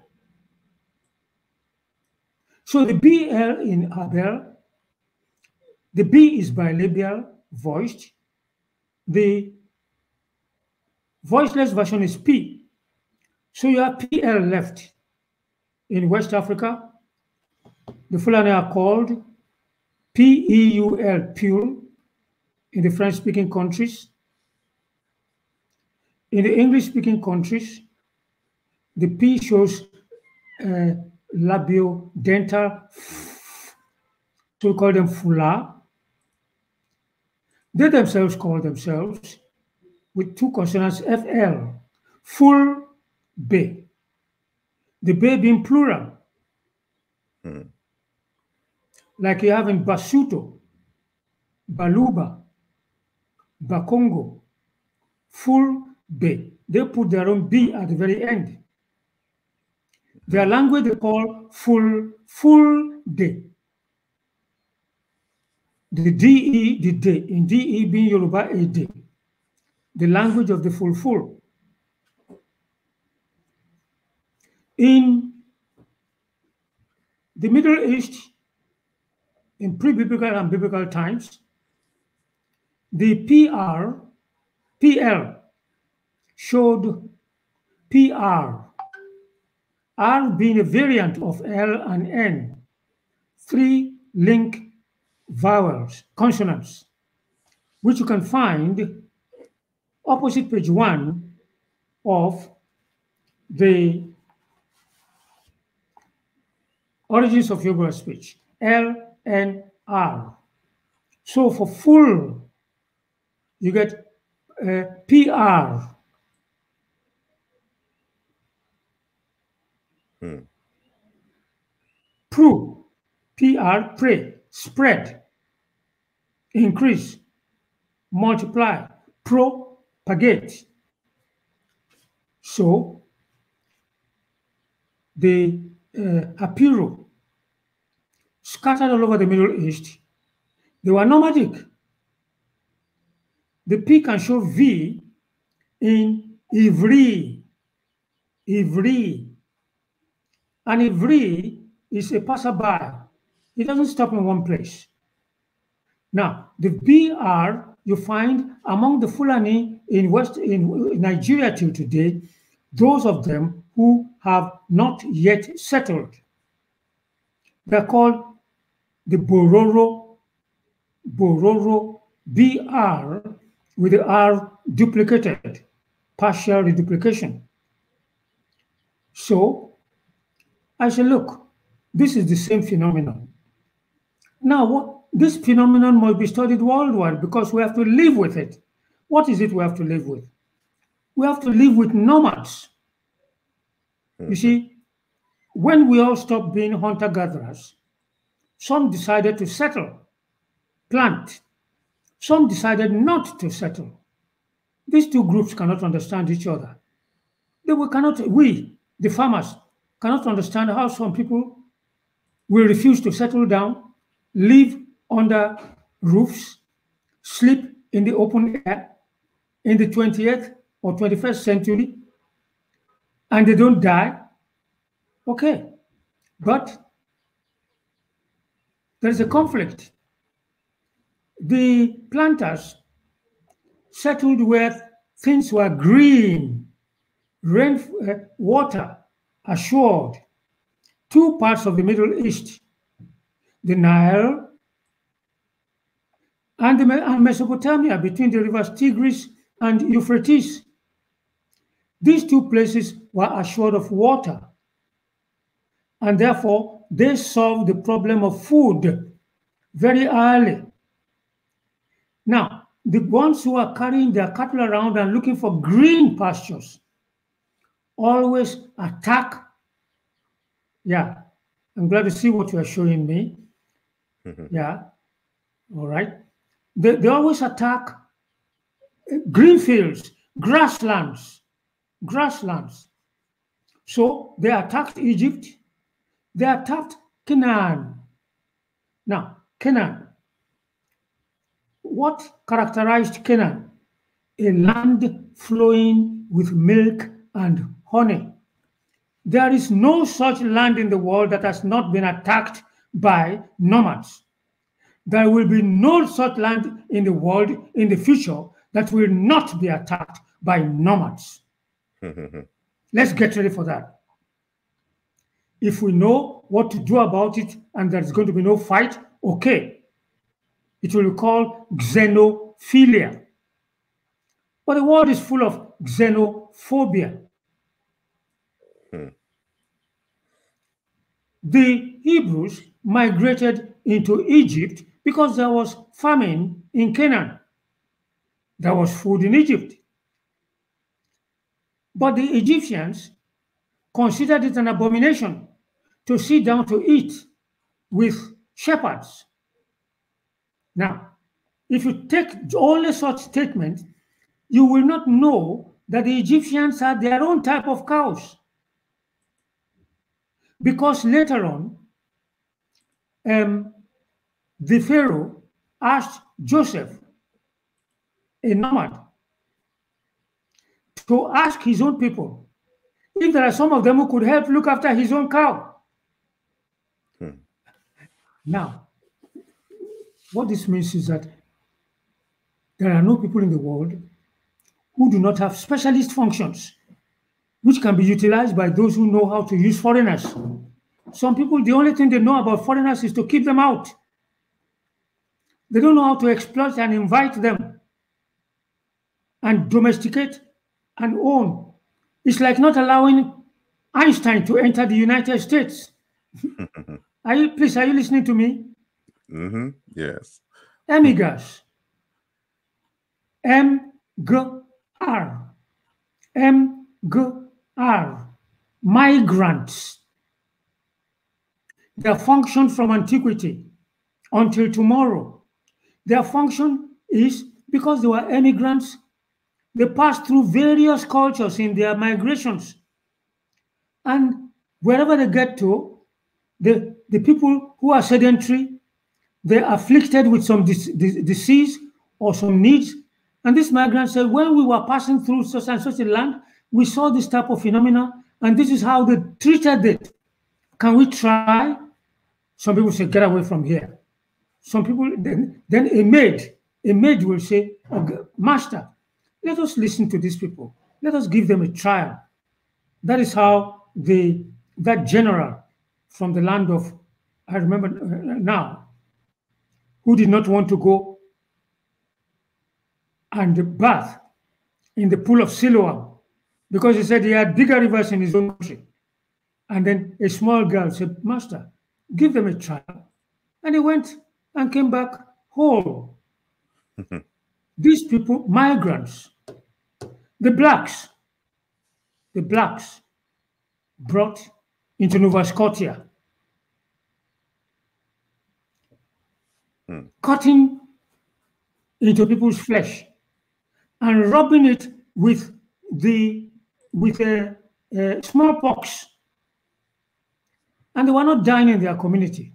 So the BL in Abel, the B is bilabial voiced, the Voiceless version is P. So you have PL left in West Africa. The Fulani are called PEUL, pure, in the French-speaking countries. In the English-speaking countries, the P shows uh, dental so we call them Fula. They themselves call themselves with two consonants FL, full bay. The bay being plural. Mm. Like you have in Basuto, Baluba, Bakongo, full bay. They put their own B at the very end. Their hmm. language they call full full day. The DE, the day, in DE being Yoruba a day the language of the Fulful. In the Middle East, in pre-biblical and biblical times, the PR, PL showed PR, R being a variant of L and N, three link vowels, consonants, which you can find opposite page one of the origins of Yoruba speech, L and R. So for full, you get uh, PR. Hmm. PR, pray, spread, increase, multiply, pro, target. So the uh, Apiro scattered all over the Middle East, they were nomadic. The P can show V in Ivri, Ivri. And Ivri is a passerby. It doesn't stop in one place. Now, the BR you find among the Fulani in West in Nigeria till today, those of them who have not yet settled. They're called the Bororo, Bororo, BR, with the R duplicated, partial reduplication. So I said, look, this is the same phenomenon. Now, what, this phenomenon must be studied worldwide because we have to live with it what is it we have to live with? We have to live with nomads. You mm-hmm. see, when we all stopped being hunter gatherers, some decided to settle, plant. Some decided not to settle. These two groups cannot understand each other. They we cannot, we, the farmers, cannot understand how some people will refuse to settle down, live under roofs, sleep in the open air, in the 20th or 21st century and they don't die, okay. But there is a conflict. The planters settled where things were green, rain, uh, water assured. Two parts of the Middle East, the Nile and, the, and Mesopotamia between the rivers Tigris and Euphrates. These two places were assured of water, and therefore they solved the problem of food very early. Now, the ones who are carrying their cattle around and looking for green pastures always attack. Yeah, I'm glad to see what you are showing me. Mm -hmm. Yeah, all right. They, they always attack Green fields, grasslands, grasslands. So they attacked Egypt, they attacked Canaan. Now, Canaan. What characterized Canaan? A land flowing with milk and honey. There is no such land in the world that has not been attacked by nomads. There will be no such land in the world in the future that will not be attacked by nomads. Let's get ready for that. If we know what to do about it and there's going to be no fight, okay. It will be called xenophilia. But the world is full of xenophobia. Hmm. The Hebrews migrated into Egypt because there was famine in Canaan. There was food in Egypt. But the Egyptians considered it an abomination to sit down to eat with shepherds. Now, if you take only such statements, you will not know that the Egyptians had their own type of cows. Because later on, um, the Pharaoh asked Joseph a nomad to ask his own people if there are some of them who could help look after his own cow. Hmm. Now, what this means is that there are no people in the world who do not have specialist functions which can be utilized by those who know how to use foreigners. Some people, the only thing they know about foreigners is to keep them out. They don't know how to exploit and invite them and domesticate and own. It's like not allowing Einstein to enter the United States. are you please? Are you listening to me? Mm-hmm. Yes. Emigras. M G R. M G R. Migrants. Their function from antiquity until tomorrow. Their function is because they were emigrants they passed through various cultures in their migrations. And wherever they get to, the, the people who are sedentary, they're afflicted with some dis dis disease or some needs. And this migrant said, when we were passing through such and such a land, we saw this type of phenomena, and this is how they treated it. Can we try? Some people say, get away from here. Some people, then, then a maid, a maid will say, okay, master, let us listen to these people. Let us give them a trial. That is how the that general from the land of I remember uh, now, who did not want to go and bath in the pool of Siloam because he said he had bigger rivers in his own country. And then a small girl said, Master, give them a trial. And he went and came back whole. these people, migrants, the blacks, the blacks brought into Nova Scotia. Mm. Cutting into people's flesh and rubbing it with the with a, a smallpox. And they were not dying in their community.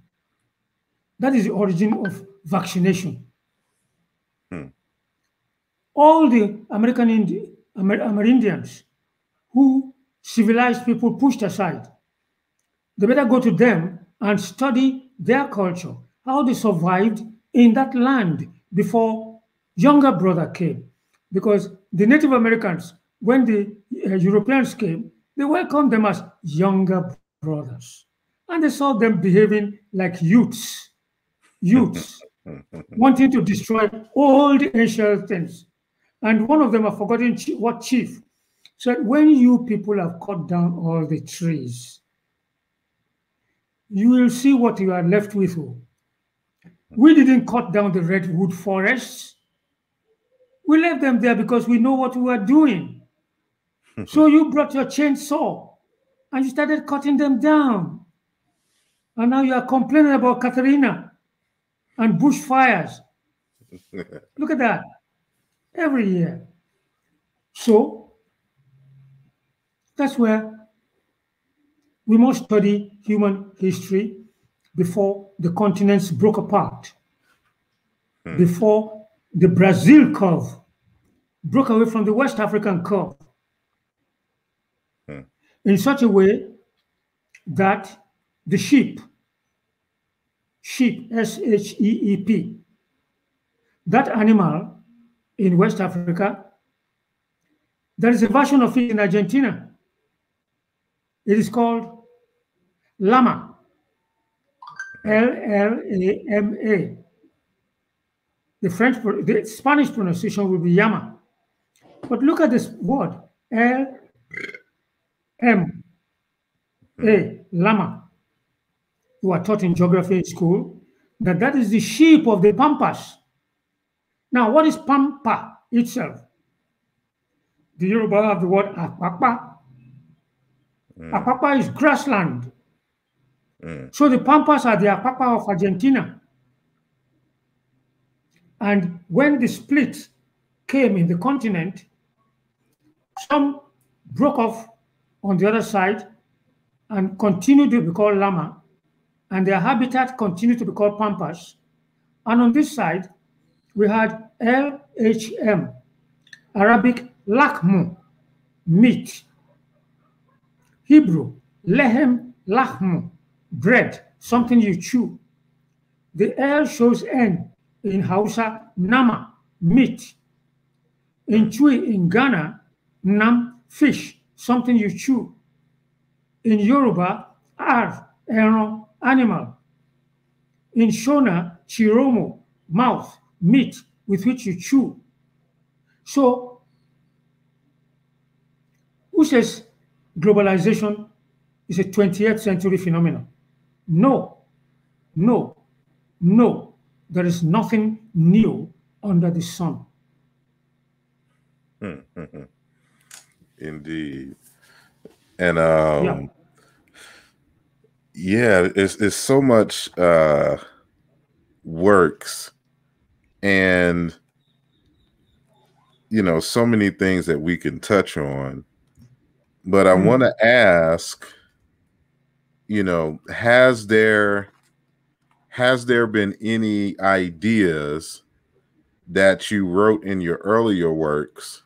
That is the origin of vaccination all the American Indi- Amer- Amerindians who civilized people pushed aside. They better go to them and study their culture, how they survived in that land before younger brother came. Because the Native Americans, when the uh, Europeans came, they welcomed them as younger brothers. And they saw them behaving like youths, youths, wanting to destroy all the ancient things and one of them, I've forgotten what chief, said, when you people have cut down all the trees, you will see what you are left with. Oh. We didn't cut down the redwood forests. We left them there because we know what we were doing. so you brought your chainsaw and you started cutting them down. And now you are complaining about Katrina and bushfires. Look at that every year. So that's where we must study human history before the continents broke apart, hmm. before the Brazil curve broke away from the West African curve hmm. in such a way that the sheep, sheep, S H E E P, that animal in West Africa. There is a version of it in Argentina. It is called Lama, L L A M A. The French, the Spanish pronunciation will be Yama. But look at this word, L M A, Lama. You are taught in geography in school that that is the sheep of the Pampas. Now, what is pampa itself? The Yoruba have the word apapa. Mm. Apapa is grassland. Mm. So the pampas are the apapa of Argentina. And when the split came in the continent, some broke off on the other side and continued to be called llama, and their habitat continued to be called pampas. And on this side, we had LHM, Arabic Lakmu meat, Hebrew lehem, Lakmu bread, something you chew. The L shows N in Hausa, nama, meat. In Chui, in Ghana, nam, fish, something you chew. In Yoruba, ar, eran, animal. In Shona, chiromo, mouth, meat, with which you chew. So, who says globalization is a 20th century phenomenon? No, no, no. There is nothing new under the sun. Indeed. And um, yeah. yeah, it's, it's so much uh, works and you know so many things that we can touch on but i mm-hmm. want to ask you know has there has there been any ideas that you wrote in your earlier works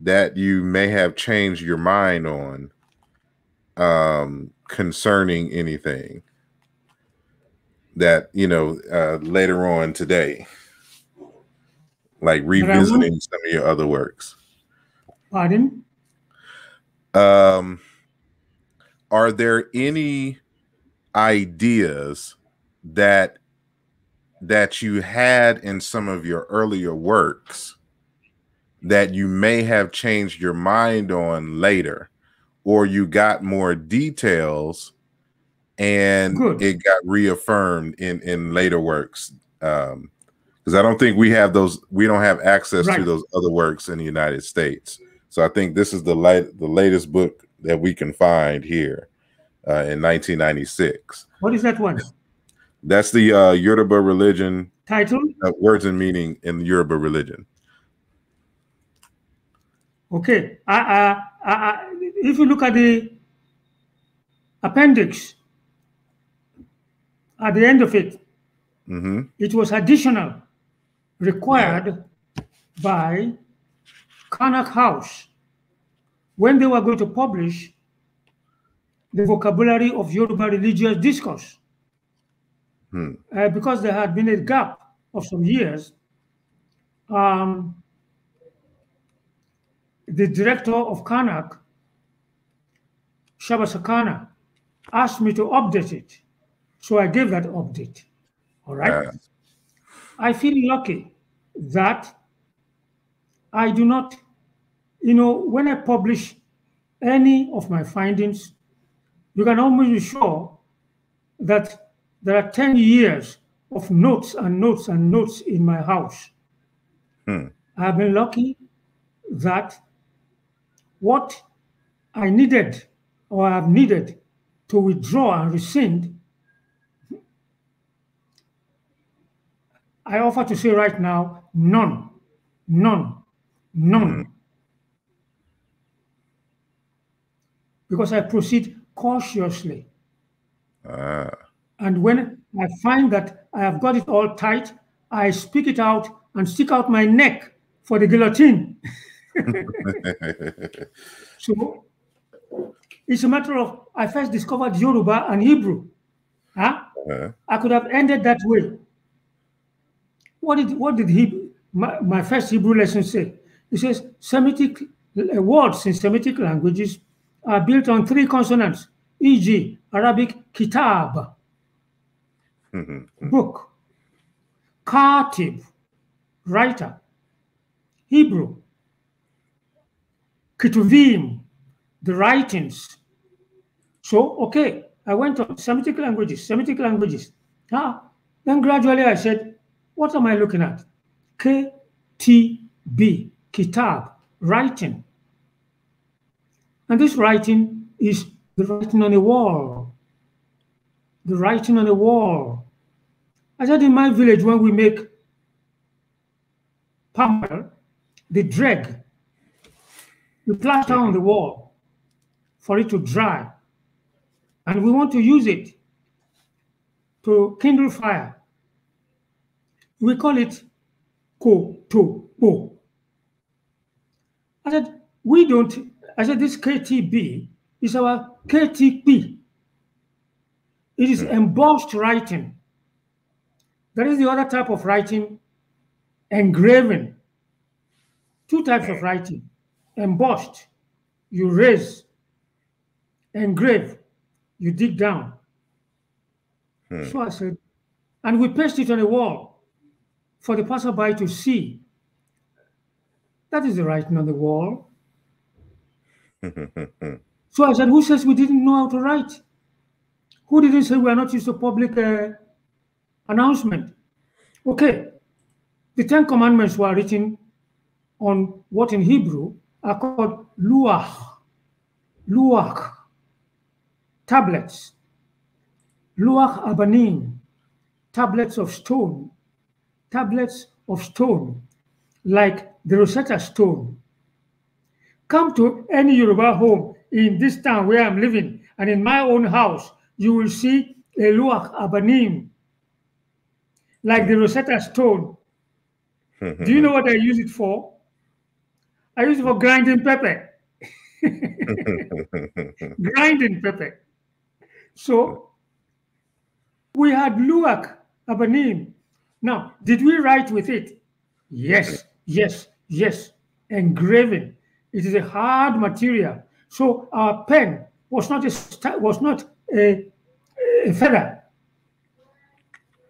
that you may have changed your mind on um concerning anything that you know uh later on today like revisiting some of your other works. Pardon? Um, are there any ideas that that you had in some of your earlier works that you may have changed your mind on later or you got more details and Good. it got reaffirmed in in later works um because I don't think we have those. We don't have access right. to those other works in the United States. So I think this is the light, the latest book that we can find here uh, in 1996. What is that one? That's the uh, Yoruba religion title. Uh, words and meaning in the Yoruba religion. Okay. I, I, I, if you look at the appendix at the end of it, mm -hmm. it was additional required by Karnak House when they were going to publish the vocabulary of Yoruba religious discourse. Hmm. Uh, because there had been a gap of some years, um, the director of Karnak, Shabasakana, asked me to update it. So I gave that update. All right. Uh. I feel lucky that I do not, you know, when I publish any of my findings, you can almost be sure that there are 10 years of notes and notes and notes in my house. Hmm. I've been lucky that what I needed or I've needed to withdraw and rescind, I offer to say right now, none, none, none. Hmm. Because I proceed cautiously. Uh. And when I find that I have got it all tight, I speak it out and stick out my neck for the guillotine. so it's a matter of I first discovered Yoruba and Hebrew. Huh? Uh. I could have ended that way. What did what did he my, my first Hebrew lesson said, it says Semitic uh, words in Semitic languages are built on three consonants, e.g., Arabic kitab, mm-hmm. book, katib, writer, Hebrew, kituvim, the writings. So, okay, I went on Semitic languages, Semitic languages. Ah, then gradually I said, what am I looking at? KTB, kitab, writing. And this writing is the writing on a wall. The writing on a wall. I said in my village when we make palm the dreg, the plaster on the wall for it to dry. And we want to use it to kindle fire. We call it Kotopo. I said, we don't, I said, this KTB is our KTP. It is hmm. embossed writing. That is the other type of writing, engraving. Two types of hmm. writing embossed, you raise, engrave, you dig down. Hmm. So I said, and we paste it on a wall for the passerby to see. That is the writing on the wall. so I said, Who says we didn't know how to write? Who didn't say we are not used to public uh, announcement? Okay, the Ten Commandments were written on what in Hebrew are called luach, luach tablets, luach abanim, tablets of stone tablets of stone, like the Rosetta Stone. Come to any Yoruba home in this town where I'm living, and in my own house, you will see a Luach Abanim, like the Rosetta Stone. Do you know what I use it for? I use it for grinding pepper. grinding pepper. So we had Luach Abanim now, did we write with it? Yes, yes, yes. Engraving. It is a hard material. So our pen was not a was not a, a feather.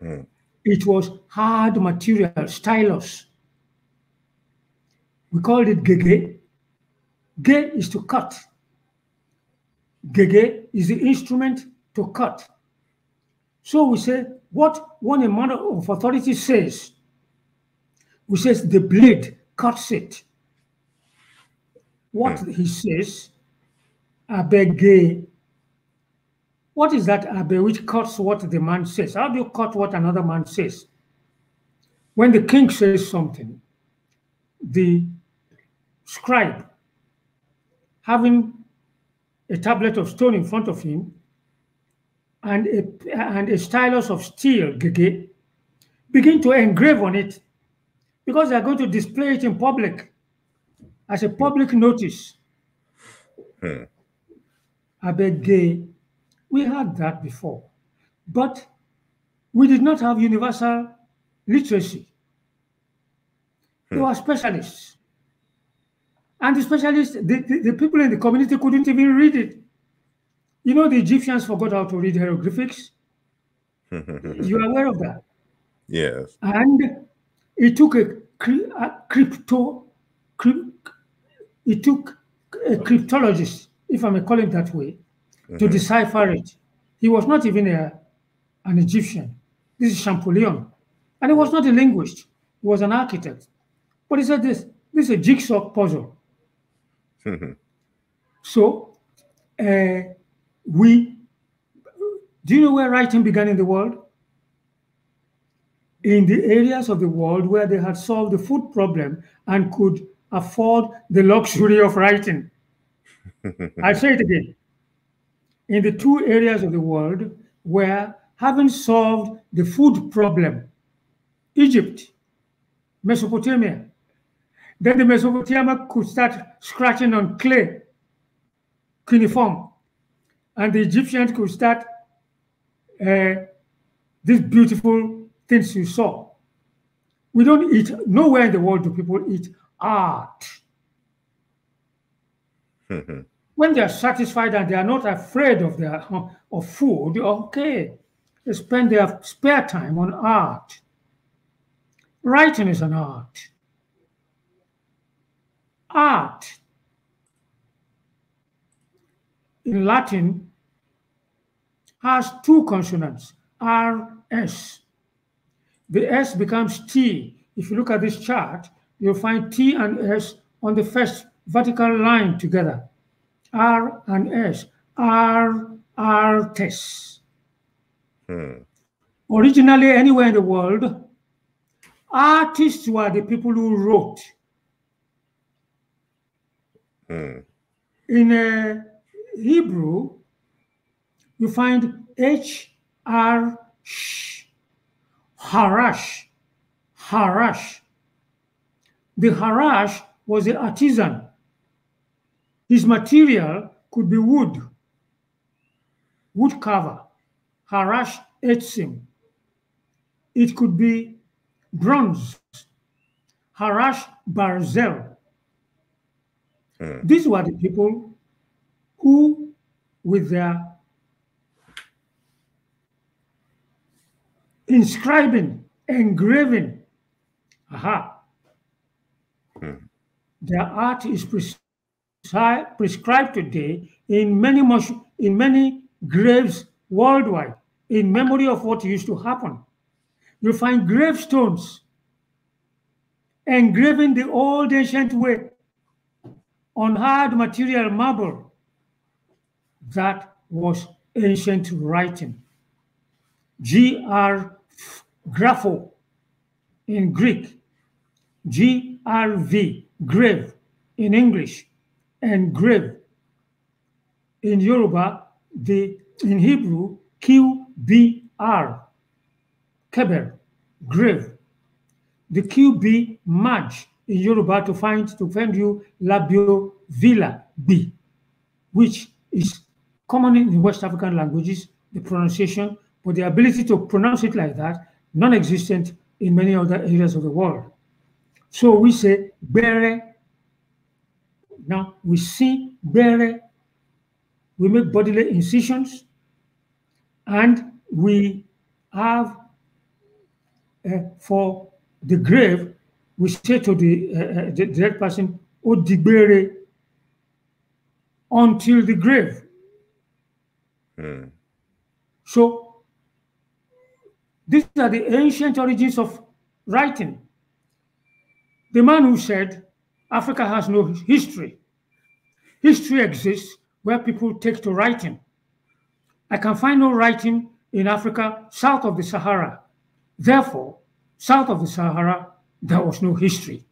Mm. It was hard material, stylus. We called it gege. Ge is to cut. Gege is the instrument to cut. So we say what when a matter of authority says, who says the blade cuts it, what hmm. he says, abege. What is that abe which cuts what the man says? How do you cut what another man says? When the king says something, the scribe, having a tablet of stone in front of him, and a, and a stylus of steel, begin to engrave on it because they're going to display it in public as a public notice. Hmm. I bet gay. We had that before, but we did not have universal literacy. Hmm. There were specialists. And the specialists, the, the, the people in the community couldn't even read it. You know, the Egyptians forgot how to read hieroglyphics. you are aware of that? Yes. And it took a, a crypto, crypt, it took a cryptologist, if I may call him that way, to mm-hmm. decipher it. He was not even a, an Egyptian. This is Champollion. And he was not a linguist, he was an architect. But he said this this is a jigsaw puzzle. So, uh, we do you know where writing began in the world? In the areas of the world where they had solved the food problem and could afford the luxury of writing. i say it again. In the two areas of the world where, having solved the food problem, Egypt, Mesopotamia, then the Mesopotamia could start scratching on clay, cuneiform, and the Egyptians could start uh, eh, these beautiful things you saw. We don't eat, nowhere in the world do people eat art. when they are satisfied and they are not afraid of their of food, okay, they spend their spare time on art. Writing is an art. Art in Latin has two consonants, R, S. The S becomes T. If you look at this chart, you'll find T and S on the first vertical line together. R and S. R, R, are Hmm. Originally, anywhere in the world, artists were the people who wrote. Hmm. In a Hebrew, you find H-R, Harash, Harash. The Harash was an artisan. His material could be wood, wood cover. Harash Etzim. It could be bronze, Harash Barzel. Hmm. These were the people who with their inscribing, engraving, aha, hmm. their art is prescribed today in many in many graves worldwide in memory of what used to happen. You find gravestones engraving the old ancient way on hard material marble that was ancient writing. Gr grapho in Greek, grv grave in English, and grave in Yoruba. The in Hebrew qbr keber grave. The qb march in Yoruba to find to find you labio villa b, which is common in West African languages, the pronunciation, but the ability to pronounce it like that, non-existent in many other areas of the world. So we say bere. Now we see bere. We make bodily incisions, and we have uh, for the grave. We say to the, uh, uh the dead person, bere," until the grave. Hmm. So these are the ancient origins of writing. The man who said Africa has no history. History exists where people take to writing. I can find no writing in Africa south of the Sahara. Therefore, south of the Sahara, there was no history.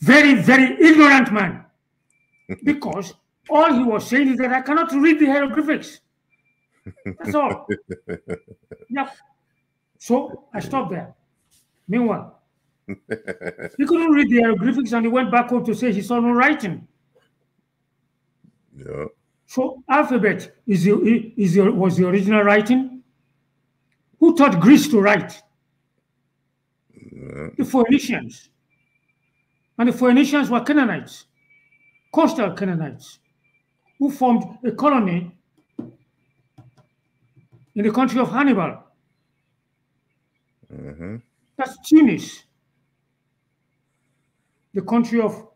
Very, very ignorant man. Because all he was saying is that I cannot read the hieroglyphics. That's all. yeah. So I stopped there. Meanwhile, he couldn't read the hieroglyphics and he went back home to say he saw no writing. Yeah. So alphabet is the, is the, was the original writing. Who taught Greece to write? Yeah. The Phoenicians. And the Phoenicians were Canaanites, coastal Canaanites, who formed a colony in the country of Hannibal. Mm-hmm. That's Tunis. The country of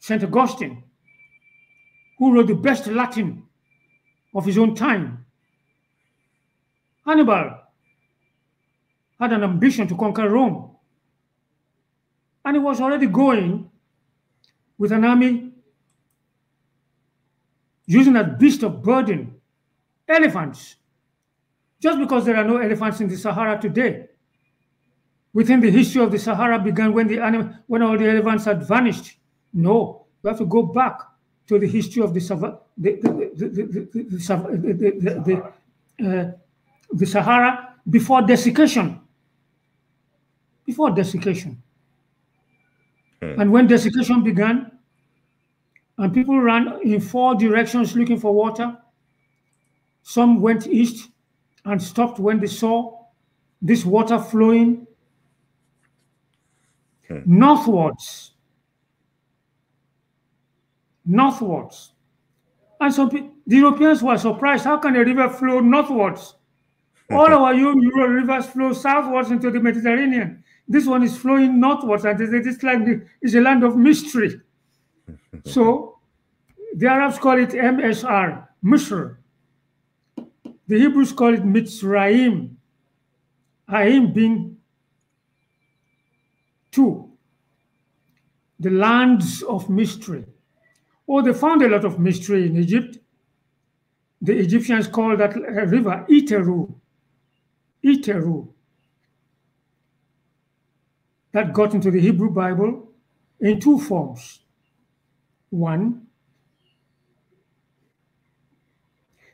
St. Augustine, who wrote the best Latin of his own time. Hannibal had an ambition to conquer Rome. And he was already going with an army using that beast of burden, elephants, just because there are no elephants in the Sahara today. Within the history of the Sahara began when the animal, when all the elephants had vanished. No, we have to go back to the history of the Sahara, before desiccation. Before desiccation. Hmm. And when desiccation began, and people ran in four directions looking for water, some went east, and stopped when they saw this water flowing okay. northwards. Northwards. And so the Europeans were surprised. How can a river flow northwards? All our Euro rivers flow southwards into the Mediterranean. This one is flowing northwards, and this land is a land of mystery. so the Arabs call it MSR, Misr, the Hebrews call it Mitzrayim, Aim being two, the lands of mystery. Oh, they found a lot of mystery in Egypt. The Egyptians called that river Iteru, Iteru. That got into the Hebrew Bible in two forms. One,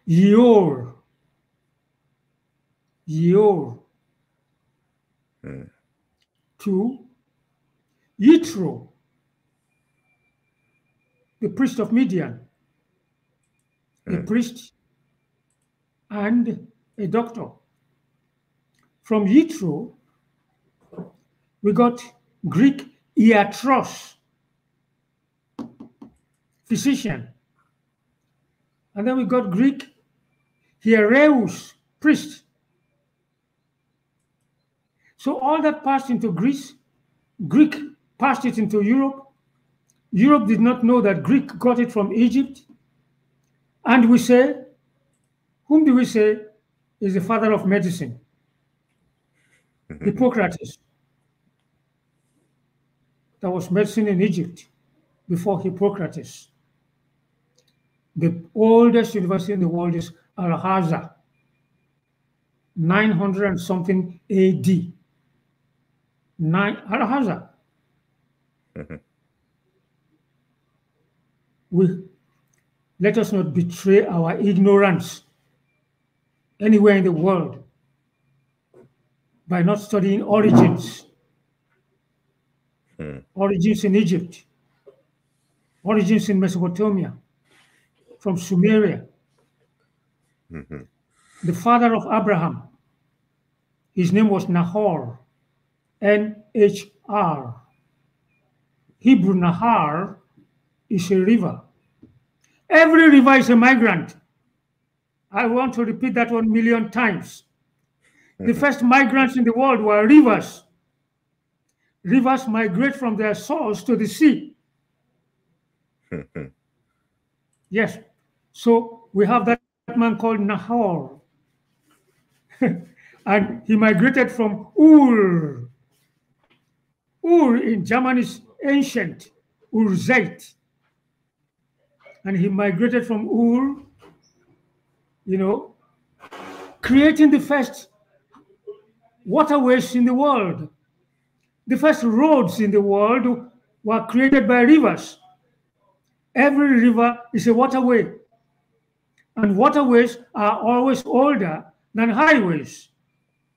Yor. Euro. Mm. To Yitro, the priest of Midian, mm. a priest and a doctor. From Yitro, we got Greek iatros, physician. And then we got Greek hiereus, priest. So all that passed into Greece. Greek passed it into Europe. Europe did not know that Greek got it from Egypt. And we say, whom do we say is the father of medicine? Mm-hmm. Hippocrates. There was medicine in Egypt before Hippocrates. The oldest university in the world is Al Azhar, 900 and something AD nine. al how's mm-hmm. we, let us not betray our ignorance anywhere in the world by not studying origins. Mm. Origins in Egypt, origins in Mesopotamia, from Sumeria. Mm-hmm. The father of Abraham, his name was Nahor. NHR. Hebrew Nahar is a river. Every river is a migrant. I want to repeat that one million times. The first migrants in the world were rivers. Rivers migrate from their source to the sea. yes. So we have that man called Nahor. and he migrated from Ur Ur in German is ancient, Urzeit. And he migrated from Ur, you know, creating the first waterways in the world. The first roads in the world were created by rivers. Every river is a waterway. And waterways are always older than highways.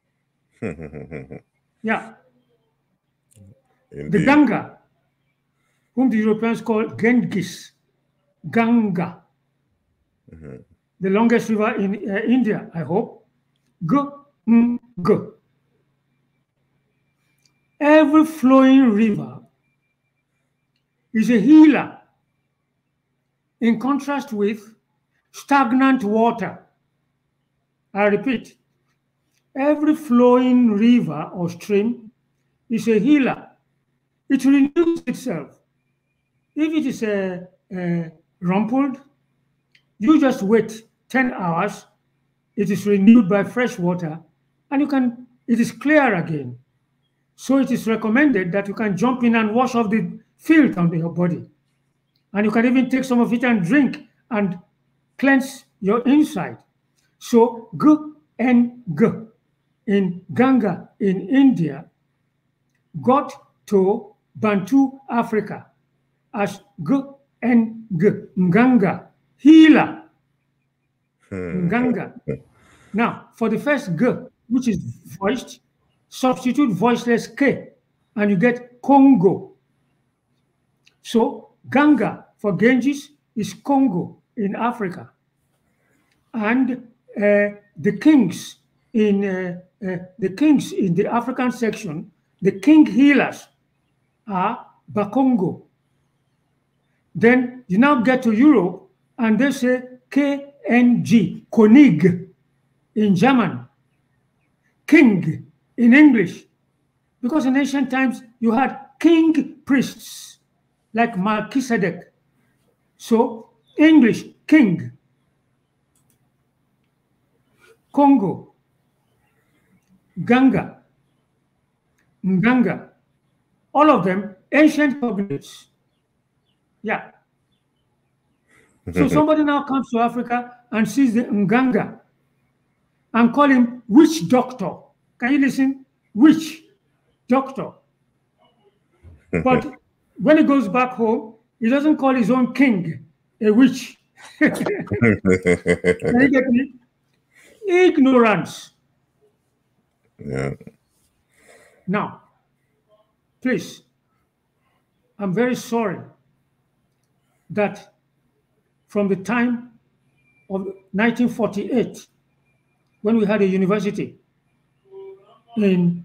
yeah. Indeed. The Ganga, whom the Europeans call Genghis, Ganga, mm-hmm. the longest river in uh, India, I hope. G, Every flowing river is a healer in contrast with stagnant water. I repeat, every flowing river or stream is a healer it renews itself. If it is uh, uh, rumpled, you just wait 10 hours, it is renewed by fresh water, and you can it is clear again. So it is recommended that you can jump in and wash off the filth on your body. And you can even take some of it and drink and cleanse your inside. So G and G in Ganga in India got to Bantu Africa as G and G Nganga healer. Hmm. Nganga. Now, for the first G, which is voiced, substitute voiceless K, and you get Congo. So, Ganga for Ganges is Congo in Africa. And uh, the kings in uh, uh, the kings in the African section, the king healers are Bakongo. Then you now get to Europe and they say KNG, Konig in German, King in English. Because in ancient times you had king priests like Melchizedek. So English, king. Congo, Ganga, Nganga, all of them ancient cognates. Yeah. so somebody now comes to Africa and sees the Nganga and call him witch doctor. Can you listen? Witch doctor. But when he goes back home, he doesn't call his own king a witch. Ignorance. Yeah. Now, Please, I'm very sorry that from the time of 1948, when we had a university in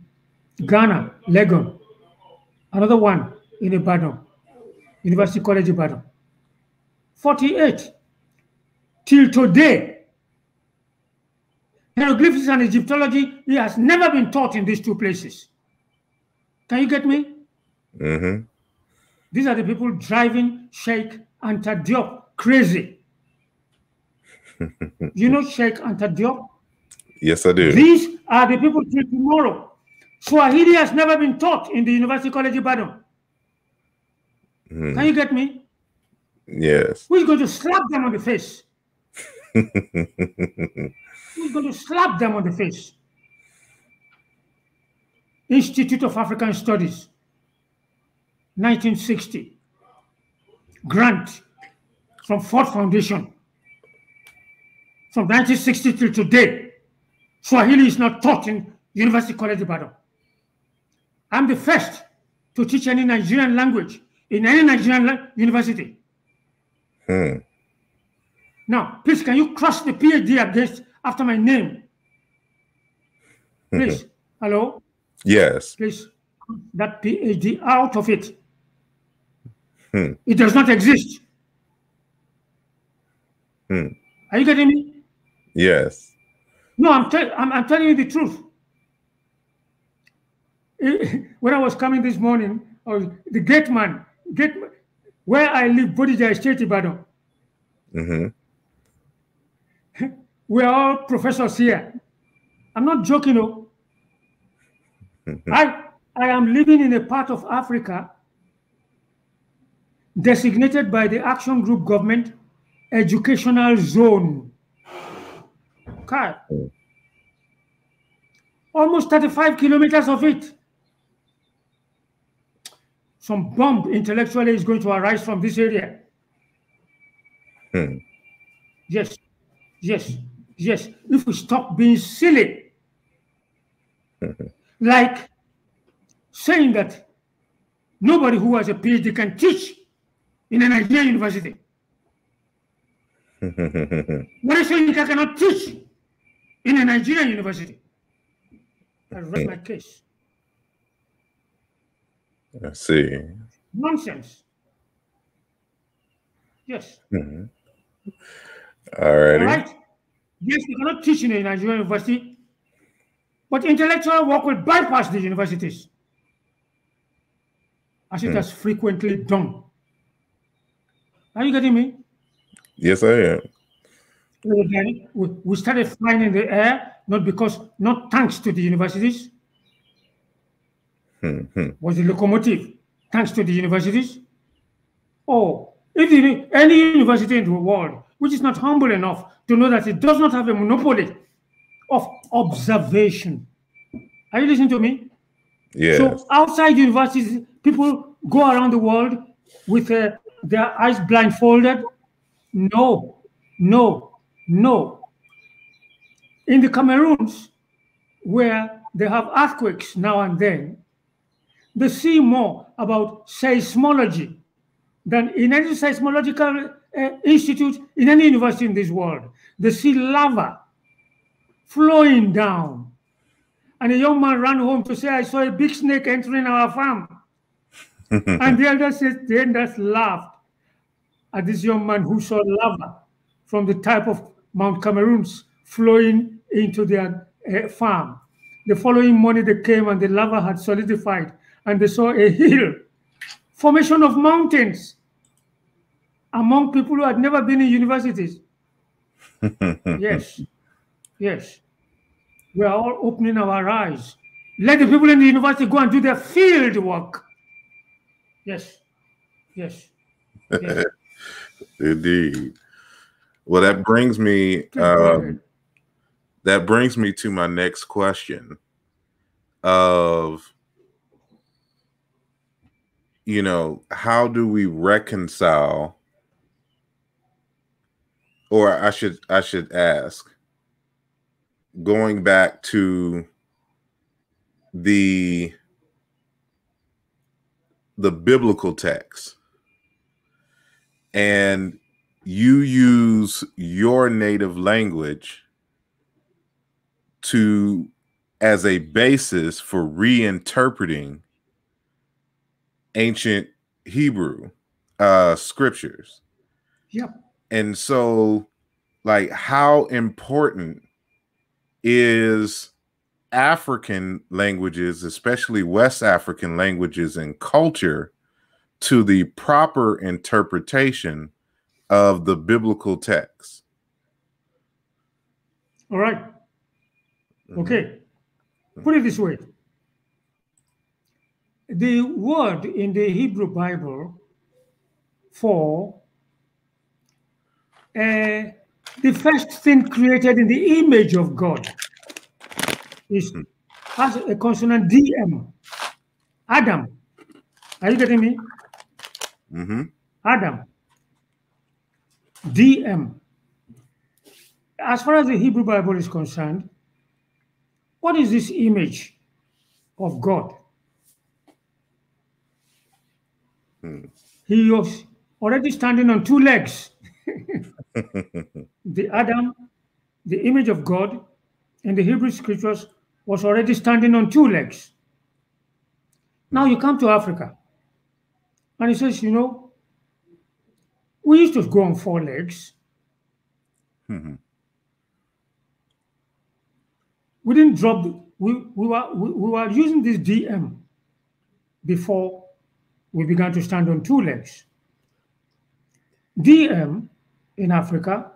Ghana, Legon, another one in Ibadan, University College Ibadan, 48, till today, hieroglyphics and Egyptology, it has never been taught in these two places. Can you get me? Mm-hmm. These are the people driving Sheikh Anta crazy. you know Sheikh Anta Yes, I do. These are the people till tomorrow. Swahili has never been taught in the University College Ibadan. Mm. Can you get me? Yes. Who's going to slap them on the face? Who's going to slap them on the face? Institute of African Studies, 1960. Grant from Ford Foundation. From 1960 till today, Swahili is not taught in University College Ibadan. I'm the first to teach any Nigerian language in any Nigerian university. Hmm. Now, please, can you cross the PhD against after my name? Please. Hello? Yes. Please, that PhD out of it. Hmm. It does not exist. Hmm. Are you getting me? Yes. No, I'm, te- I'm, I'm telling you the truth. Eh, when I was coming this morning, or the gate man, gate, where I live, Bodija Estate, Ibadan. Mm-hmm. We're all professors here. I'm not joking, no. Oh. Mm-hmm. I, I am living in a part of Africa designated by the Action Group government educational zone. Okay. Mm. Almost 35 kilometers of it. Some bomb intellectually is going to arise from this area. Hmm. Yes, yes, yes. If we stop being silly. Mm-hmm like saying that nobody who has a PhD can teach in a Nigerian university. what is saying I cannot teach in a Nigerian university? I rest my case. I see. Nonsense. Yes. Mm -hmm. All right. Yes, you cannot teach in a Nigerian university but intellectual work will bypass the universities, as it mm. has frequently done. Are you getting me? Yes, I am. We, started flying in the air, not because, not thanks to the universities, mm -hmm. was the locomotive, thanks to the universities. Oh, if any university in the world which is not humble enough to know that it does not have a monopoly of observation. Are you listening to me? Yeah. So outside universities, people go around the world with uh, their eyes blindfolded. No, no, no. In the Cameroons, where they have earthquakes now and then, they see more about seismology than in any seismological uh, institute in any university in this world. They see lava flowing down. And a young man ran home to say, I saw a big snake entering our farm. and the elder the elders laughed at this young man who saw lava from the type of Mount Cameroons flowing into their uh, farm. The following morning they came and the lava had solidified and they saw a hill, formation of mountains among people who had never been in universities. yes, yes we're all opening our eyes. Let the people in the university go and do their field work. Yes. Yes. yes. Indeed. Well, that brings me um, that brings me to my next question of you know, how do we reconcile or I should I should ask going back to the the biblical text and you use your native language to as a basis for reinterpreting ancient Hebrew uh scriptures. Yep. And so like how important is African languages, especially West African languages and culture, to the proper interpretation of the biblical text. All right. Mm-hmm. Okay. Put it this way the word in the Hebrew Bible for a the first thing created in the image of God is has hmm. a consonant DM. Adam. Are you getting me? Mm -hmm. Adam. DM. As far as the Hebrew Bible is concerned, what is this image of God? Mm. He was already standing on two legs. the Adam, the image of God, in the Hebrew scriptures was already standing on two legs. Now you come to Africa, and he says, you know, we used to go on four legs. Mm-hmm. We didn't drop. The, we we were we, we were using this DM before we began to stand on two legs. DM in Africa.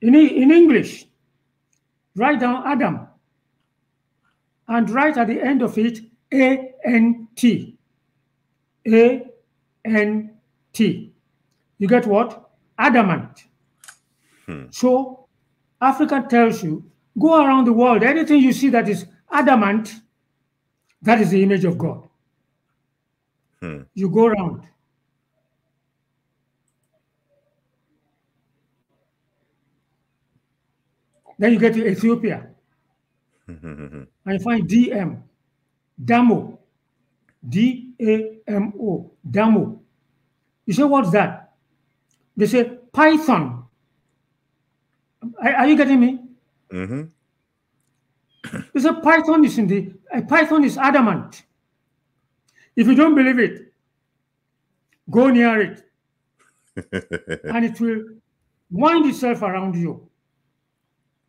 In, in English, write down Adam and write at the end of it A N T. A N T. You get what? Adamant. Hmm. So Africa tells you go around the world, anything you see that is adamant, that is the image of God. Hmm. You go around. Then you get to Ethiopia. and you find DM, Damo, D A M O, Damo. You say, what's that? They say Python. Are, are you getting me? Mm-hmm. you say Python is in the A uh, Python is adamant. If you don't believe it, go near it, and it will wind itself around you.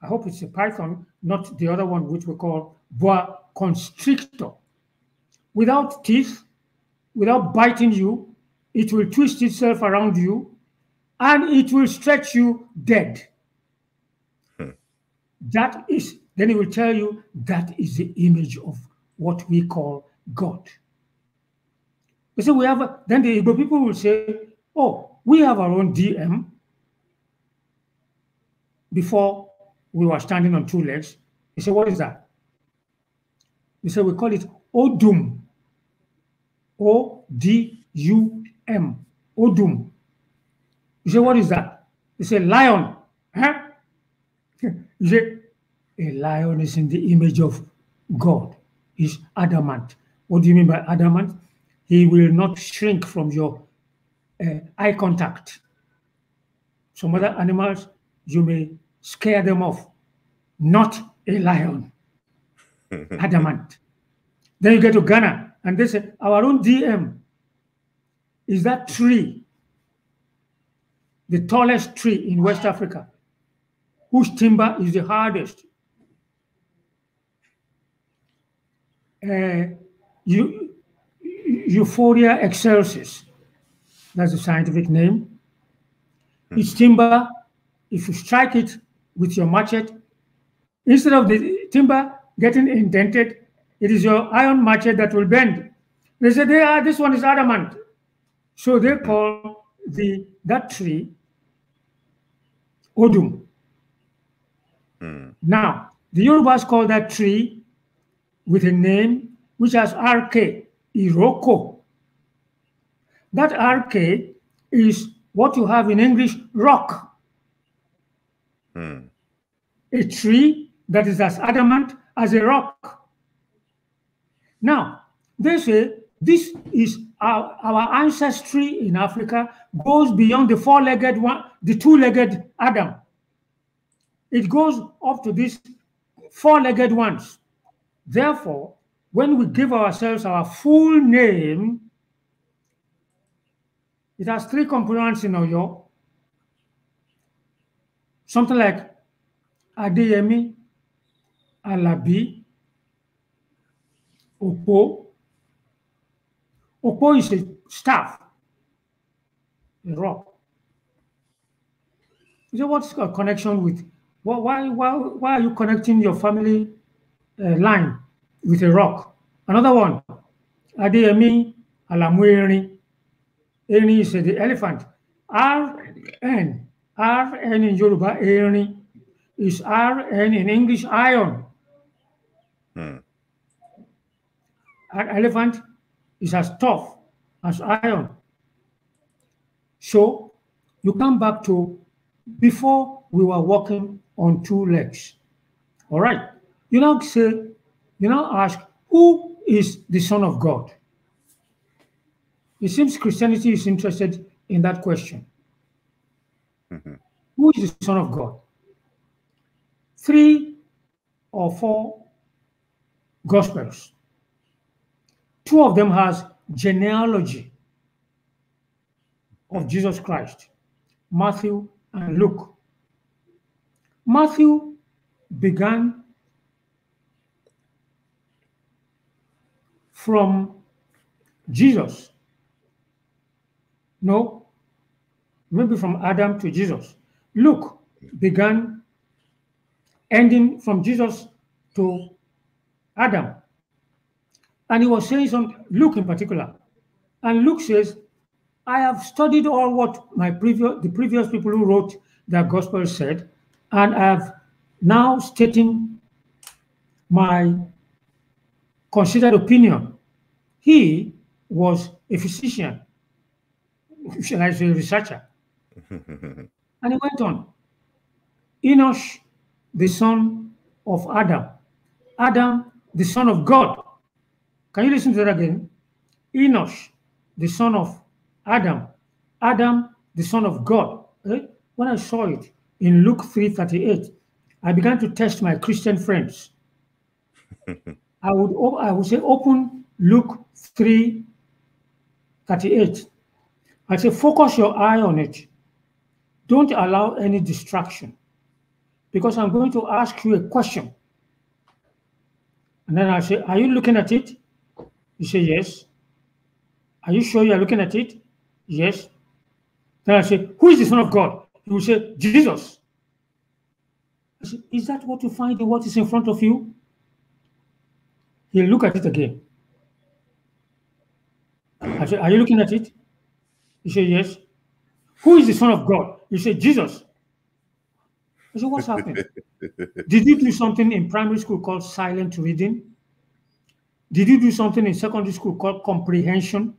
I hope it's a python, not the other one which we call boa constrictor. Without teeth, without biting you, it will twist itself around you and it will stretch you dead. Hmm. That is, then it will tell you that is the image of what we call God. You see, we have, then the Igbo people will say, oh, we have our own DM before we were standing on two legs. He said, What is that? He said, We call it Odum. O D U M. Odum. He said, What is that? He said, Lion. Huh? He said, A lion is in the image of God, He's adamant. What do you mean by adamant? He will not shrink from your uh, eye contact. Some other animals, you may scare them off. Not a lion. Adamant. then you get to Ghana, and they say, Our own DM is that tree, the tallest tree in West Africa, whose timber is the hardest. Uh, Euphoria excelsis, that's the scientific name. Its hmm. timber, if you strike it, with your machete. Instead of the timber getting indented, it is your iron machete that will bend. They said, they are, this one is adamant. So they call the that tree Odum. Mm. Now, the Yorubas call that tree with a name which has RK, Iroko. That RK is what you have in English, rock a tree that is as adamant as a rock. Now, they say this is our, our ancestry in Africa goes beyond the four-legged one, the two-legged Adam. It goes up to these four-legged ones. Therefore, when we give ourselves our full name, it has three components in Oyo. Something like adéyẹmí alábí òpó òpó is a staff a rock you say what's a connection with why why why are you connecting your family uh, line with a rock another one adéyẹmí alamuri any erin is the elephant r n r n in yorùbá erin is iron and in English iron. Hmm. An elephant is as tough as iron. So you come back to before we were walking on two legs. All right. You now say, you now ask, who is the Son of God? It seems Christianity is interested in that question. Mm -hmm. Who is the Son of God? three or four gospels. Two of them has genealogy of Jesus Christ, Matthew and Luke. Matthew began from Jesus. No, maybe from Adam to Jesus. Luke began ending from Jesus to Adam. And he was saying something, Luke in particular. And Luke says, I have studied all what my previous the previous people who wrote their gospel said, and I have now stating my considered opinion. He was a physician, shall I say researcher. and he went on. Enosh the son of Adam. Adam, the son of God. Can you listen to that again? Enosh, the son of Adam. Adam, the son of God. Eh? When I saw it in Luke 3:38, I began to test my Christian friends. I would I would say open Luke 3:38. I say focus your eye on it. Don't allow any distraction because I'm going to ask you a question. And then I say, Are you looking at it? You say, Yes. Are you sure you are looking at it? Yes. Then I say, Who is the Son of God? You will say, Jesus. I say, Is that what you find in what is in front of you? He'll look at it again. I say, Are you looking at it? You say, Yes. Who is the Son of God? You say, Jesus. I is what's happening. Did you do something in primary school called silent reading? Did you do something in secondary school called comprehension?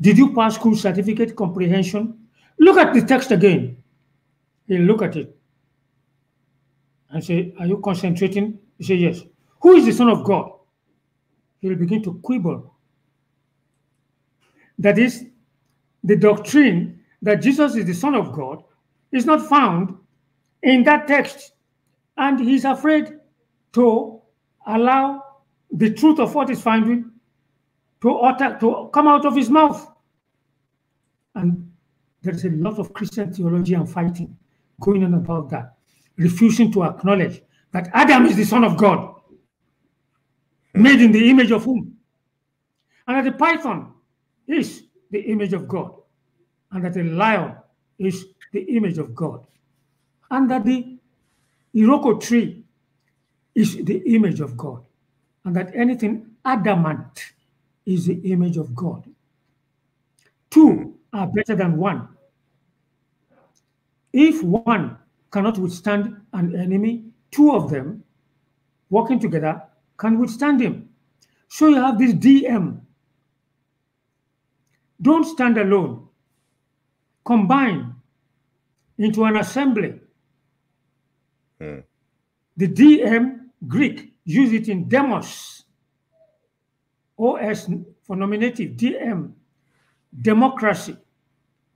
Did you pass school certificate comprehension? Look at the text again. He'll look at it and say, Are you concentrating? He say, Yes. Who is the Son of God? He'll begin to quibble. That is, the doctrine that Jesus is the Son of God is not found in that text, and he's afraid to allow the truth of what he's finding to utter, to come out of his mouth. And there's a lot of Christian theology and fighting going on about that, refusing to acknowledge that Adam is the son of God, made in the image of whom? And that the python is the image of God, and that the lion is the image of God and that the Iroko tree is the image of God, and that anything adamant is the image of God. Two are better than one. If one cannot withstand an enemy, two of them working together can withstand him. So you have this DM. Don't stand alone. Combine into an assembly Hmm. The DM Greek use it in demos. OS for nominative, DM, democracy.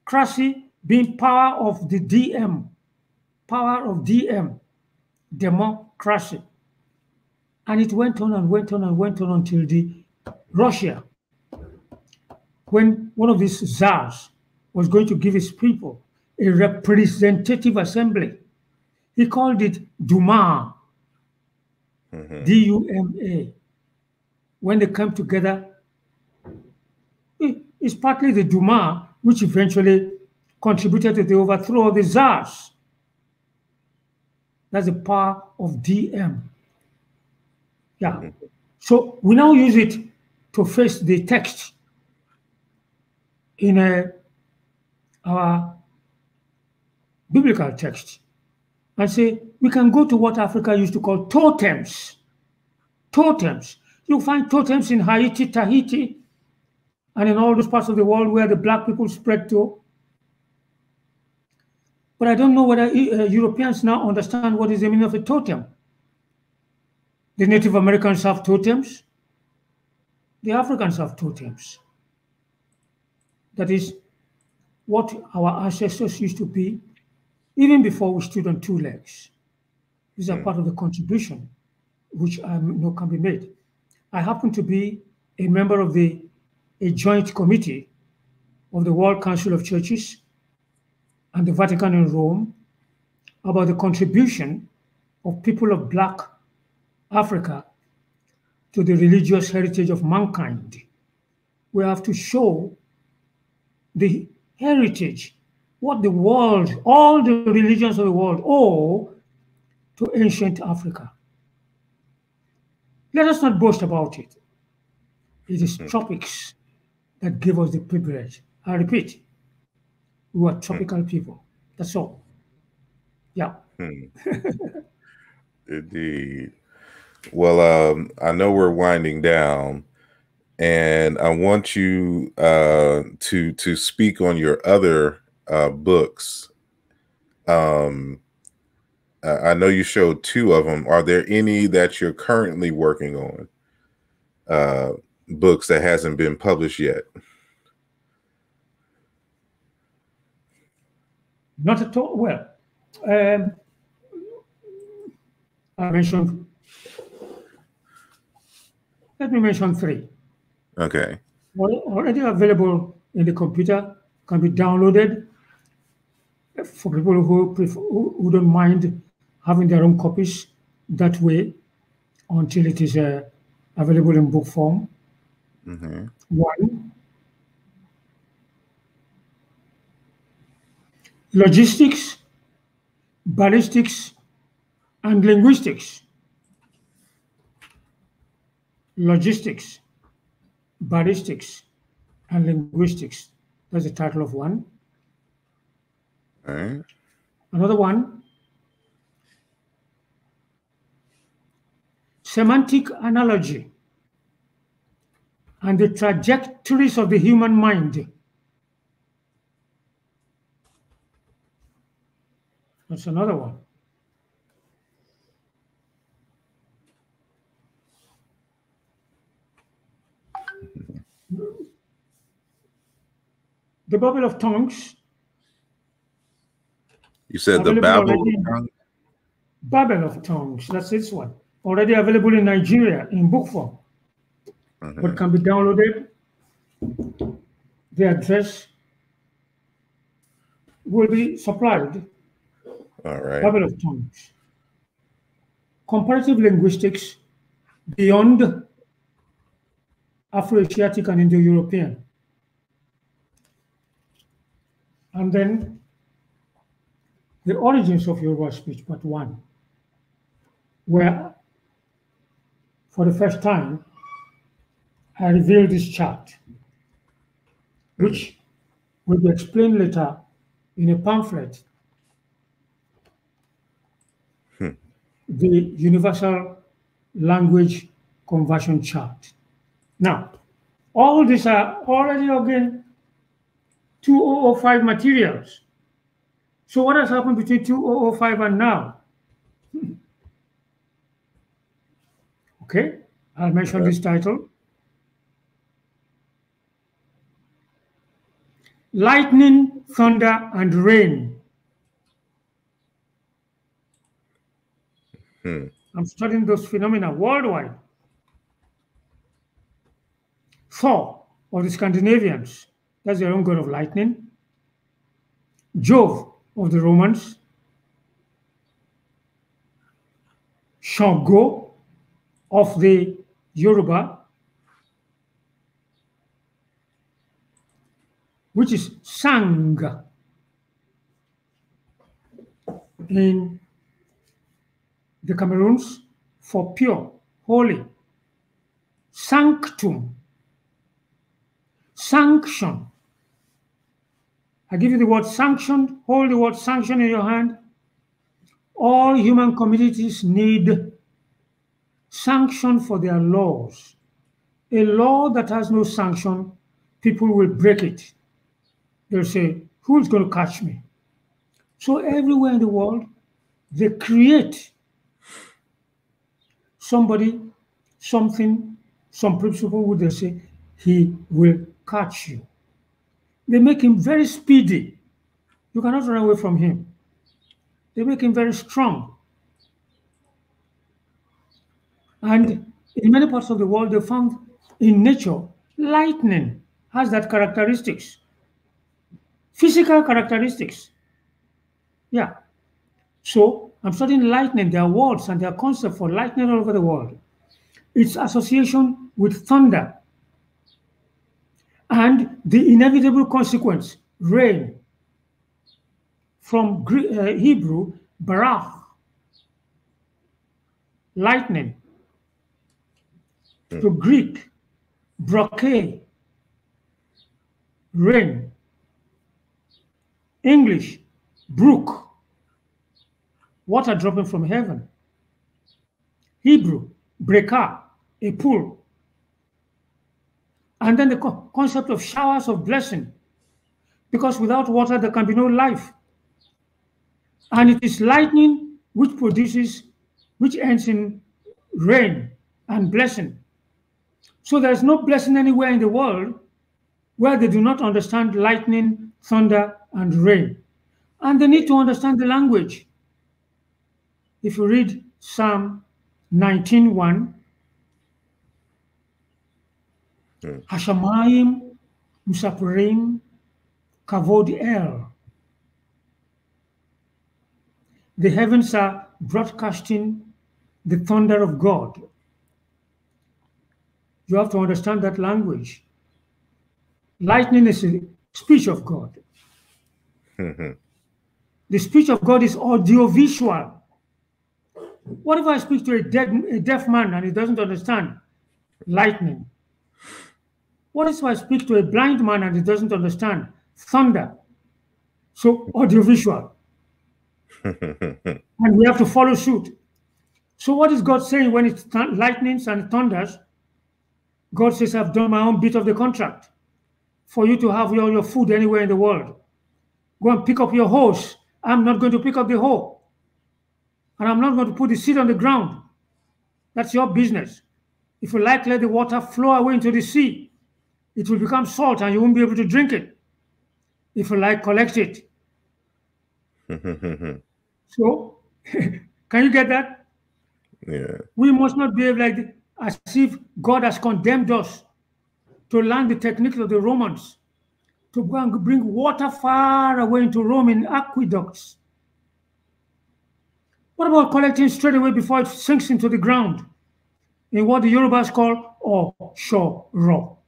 Crassy being power of the DM, power of DM, democracy. And it went on and went on and went on until the Russia, when one of these czars was going to give his people a representative assembly, he called it Duma, mm-hmm. D U M A. When they come together, it's partly the Duma which eventually contributed to the overthrow of the czars. That's the power of DM. Yeah. Mm-hmm. So we now use it to face the text in a, our biblical text and say, we can go to what Africa used to call totems. Totems. You find totems in Haiti, Tahiti, and in all those parts of the world where the black people spread to. But I don't know whether uh, Europeans now understand what is the meaning of a totem. The Native Americans have totems. The Africans have totems. That is what our ancestors used to be even before we stood on two legs. These are part of the contribution which I know can be made. I happen to be a member of the a joint committee of the World Council of Churches and the Vatican in Rome about the contribution of people of Black Africa to the religious heritage of mankind. We have to show the heritage what the world, all the religions of the world owe oh, to ancient Africa. Let us not boast about it. It is hmm. tropics that give us the privilege. I repeat, we are hmm. tropical people. That's all. Yeah. Hmm. Indeed. Well, um, I know we're winding down, and I want you uh, to to speak on your other uh, books. Um, I know you showed two of them. Are there any that you're currently working on? Uh, books that hasn't been published yet? Not at all. Well, um, I mentioned. Let me mention three. Okay. already available in the computer, can be downloaded for people who, prefer, who, don't mind having their own copies that way until it is uh, available in book form. Mm-hmm. One. Logistics, ballistics, and linguistics. Logistics, ballistics, and linguistics. That's the title of one. Another one. Semantic analogy and the trajectories of the human mind. That's another one. the bubble of tongues you said the Babel of tongues. Babel of tongues. That's this one. Already available in Nigeria in book form. Mm -hmm. But can be downloaded. The address will be supplied. All right. Babel of tongues. Comparative linguistics beyond Afro-Asiatic and Indo-European. And then the origins of Yoruba speech, but one, where for the first time I revealed this chart, which will be explained later in a pamphlet. Hmm. The Universal Language Conversion Chart. Now, all these are already again 2005 materials so what has happened between 2005 and now? Hmm. Okay, I'll mention okay. this title. Lightning, thunder, and rain. Hmm. I'm studying those phenomena worldwide. Thor of the Scandinavians, that's their own god of lightning. Jove of the Romans, Shango of the Yoruba, which is sang in the Cameroons for pure, holy, sanctum, sanction, I give you the word sanctioned. Hold the word sanction in your hand. All human communities need sanction for their laws. A law that has no sanction, people will break it. They'll say, Who's going to catch me? So, everywhere in the world, they create somebody, something, some principle, where they say, He will catch you. They make him very speedy. You cannot run away from him. They make him very strong. And in many parts of the world, they found in nature, lightning has that characteristics. Physical characteristics. Yeah. So I'm studying lightning, their words and their concept for lightning all over the world. Its association with thunder and the inevitable consequence, rain. From Greek, uh, Hebrew, barach, lightning. Hmm. To Greek, brocade, rain. English, brook, water dropping from heaven. Hebrew, breaker, a pool. And then the co concept of showers of blessing, because without water there can be no life. And it is lightning which produces, which ends in rain and blessing. So there's no blessing anywhere in the world where they do not understand lightning, thunder, and rain. And they need to understand the language. If you read Psalm 1, השמיים mm. מספרים Kavod El. The heavens are broadcasting the thunder of God. You have to understand that language. Lightning is the speech of God. Mm-hmm. the speech of God is audiovisual. What if I speak to a, dead, a deaf man and he doesn't understand? Lightning. What if I speak to a blind man and he doesn't understand? Thunder. So audiovisual. and we have to follow suit. So what is God saying when it th- lightnings and thunders? God says, I've done my own bit of the contract for you to have your, your food anywhere in the world. Go and pick up your hose. I'm not going to pick up the hoe. And I'm not going to put the seed on the ground. That's your business. If you like, let the water flow away into the sea it will become salt and you won't be able to drink it. If you like, collect it. so, can you get that? Yeah. We must not behave like as if God has condemned us to learn the techniques of the Romans to go and bring water far away into Rome in aqueducts. What about collecting straight away before it sinks into the ground in what the Yorubas call offshore rock?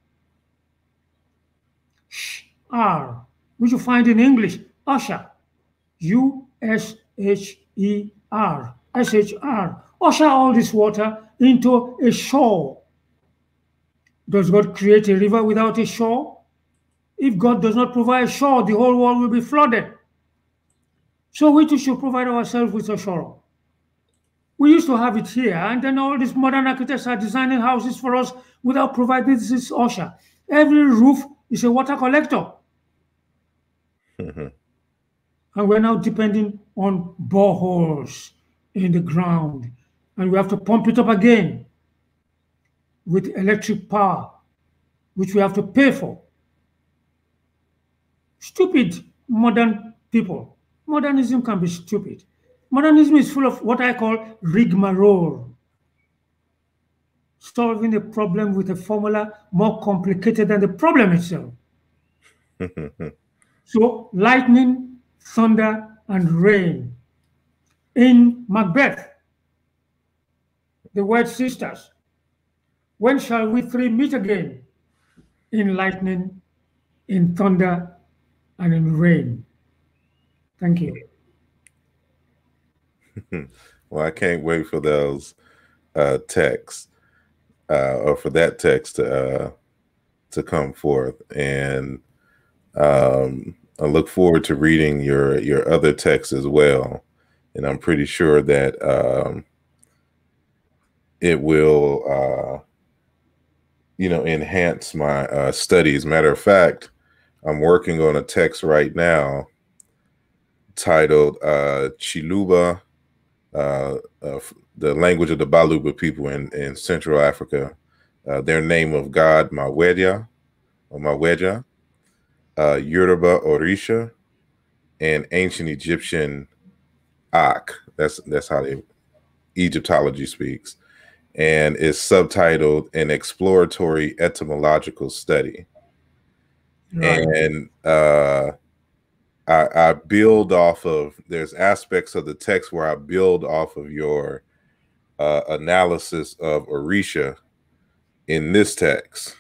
R, which you find in English, usher, U-S-H-E-R, S-H-R. Usher all this water into a shore. Does God create a river without a shore? If God does not provide a shore, the whole world will be flooded. So we too should provide ourselves with a shore. We used to have it here, and then all these modern architects are designing houses for us without providing this usher. Every roof is a water collector. Mm-hmm. and we're now depending on boreholes in the ground. And we have to pump it up again with electric power, which we have to pay for. Stupid modern people. Modernism can be stupid. Modernism is full of what I call rigmarole solving a problem with a formula more complicated than the problem itself. so, lightning, thunder, and rain. In Macbeth, the word sisters, when shall we three meet again? In lightning, in thunder, and in rain. Thank you. well, I can't wait for those uh, texts uh, or for that text to uh, to come forth. And um, I look forward to reading your your other texts as well. And I'm pretty sure that um, it will, uh, you know, enhance my uh, studies. Matter of fact, I'm working on a text right now titled uh, Chiluba. Uh, uh, the language of the Baluba people in, in Central Africa, uh, their name of God, Mawedia or Maweja, uh, Yoruba Orisha, and ancient Egyptian Ak. That's that's how they, Egyptology speaks, and is subtitled an exploratory etymological study. Right. And uh, I, I build off of there's aspects of the text where I build off of your uh, analysis of Orisha in this text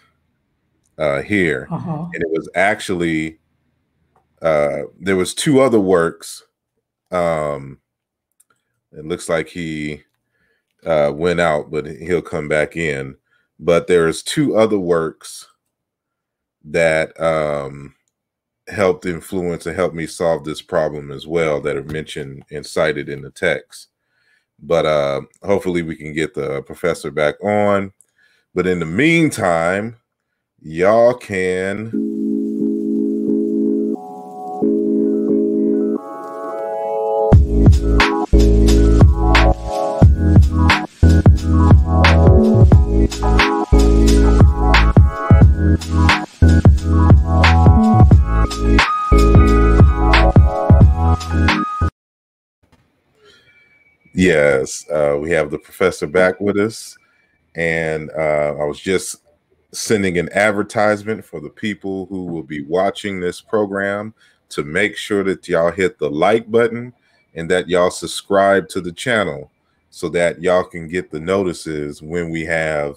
uh, here, uh-huh. and it was actually uh, there was two other works. Um, it looks like he uh, went out, but he'll come back in. But there is two other works that um, helped influence and help me solve this problem as well that are mentioned and cited in the text. But uh, hopefully we can get the uh, professor back on. But in the meantime, y'all can. Yes, uh, we have the professor back with us, and uh, I was just sending an advertisement for the people who will be watching this program to make sure that y'all hit the like button and that y'all subscribe to the channel so that y'all can get the notices when we have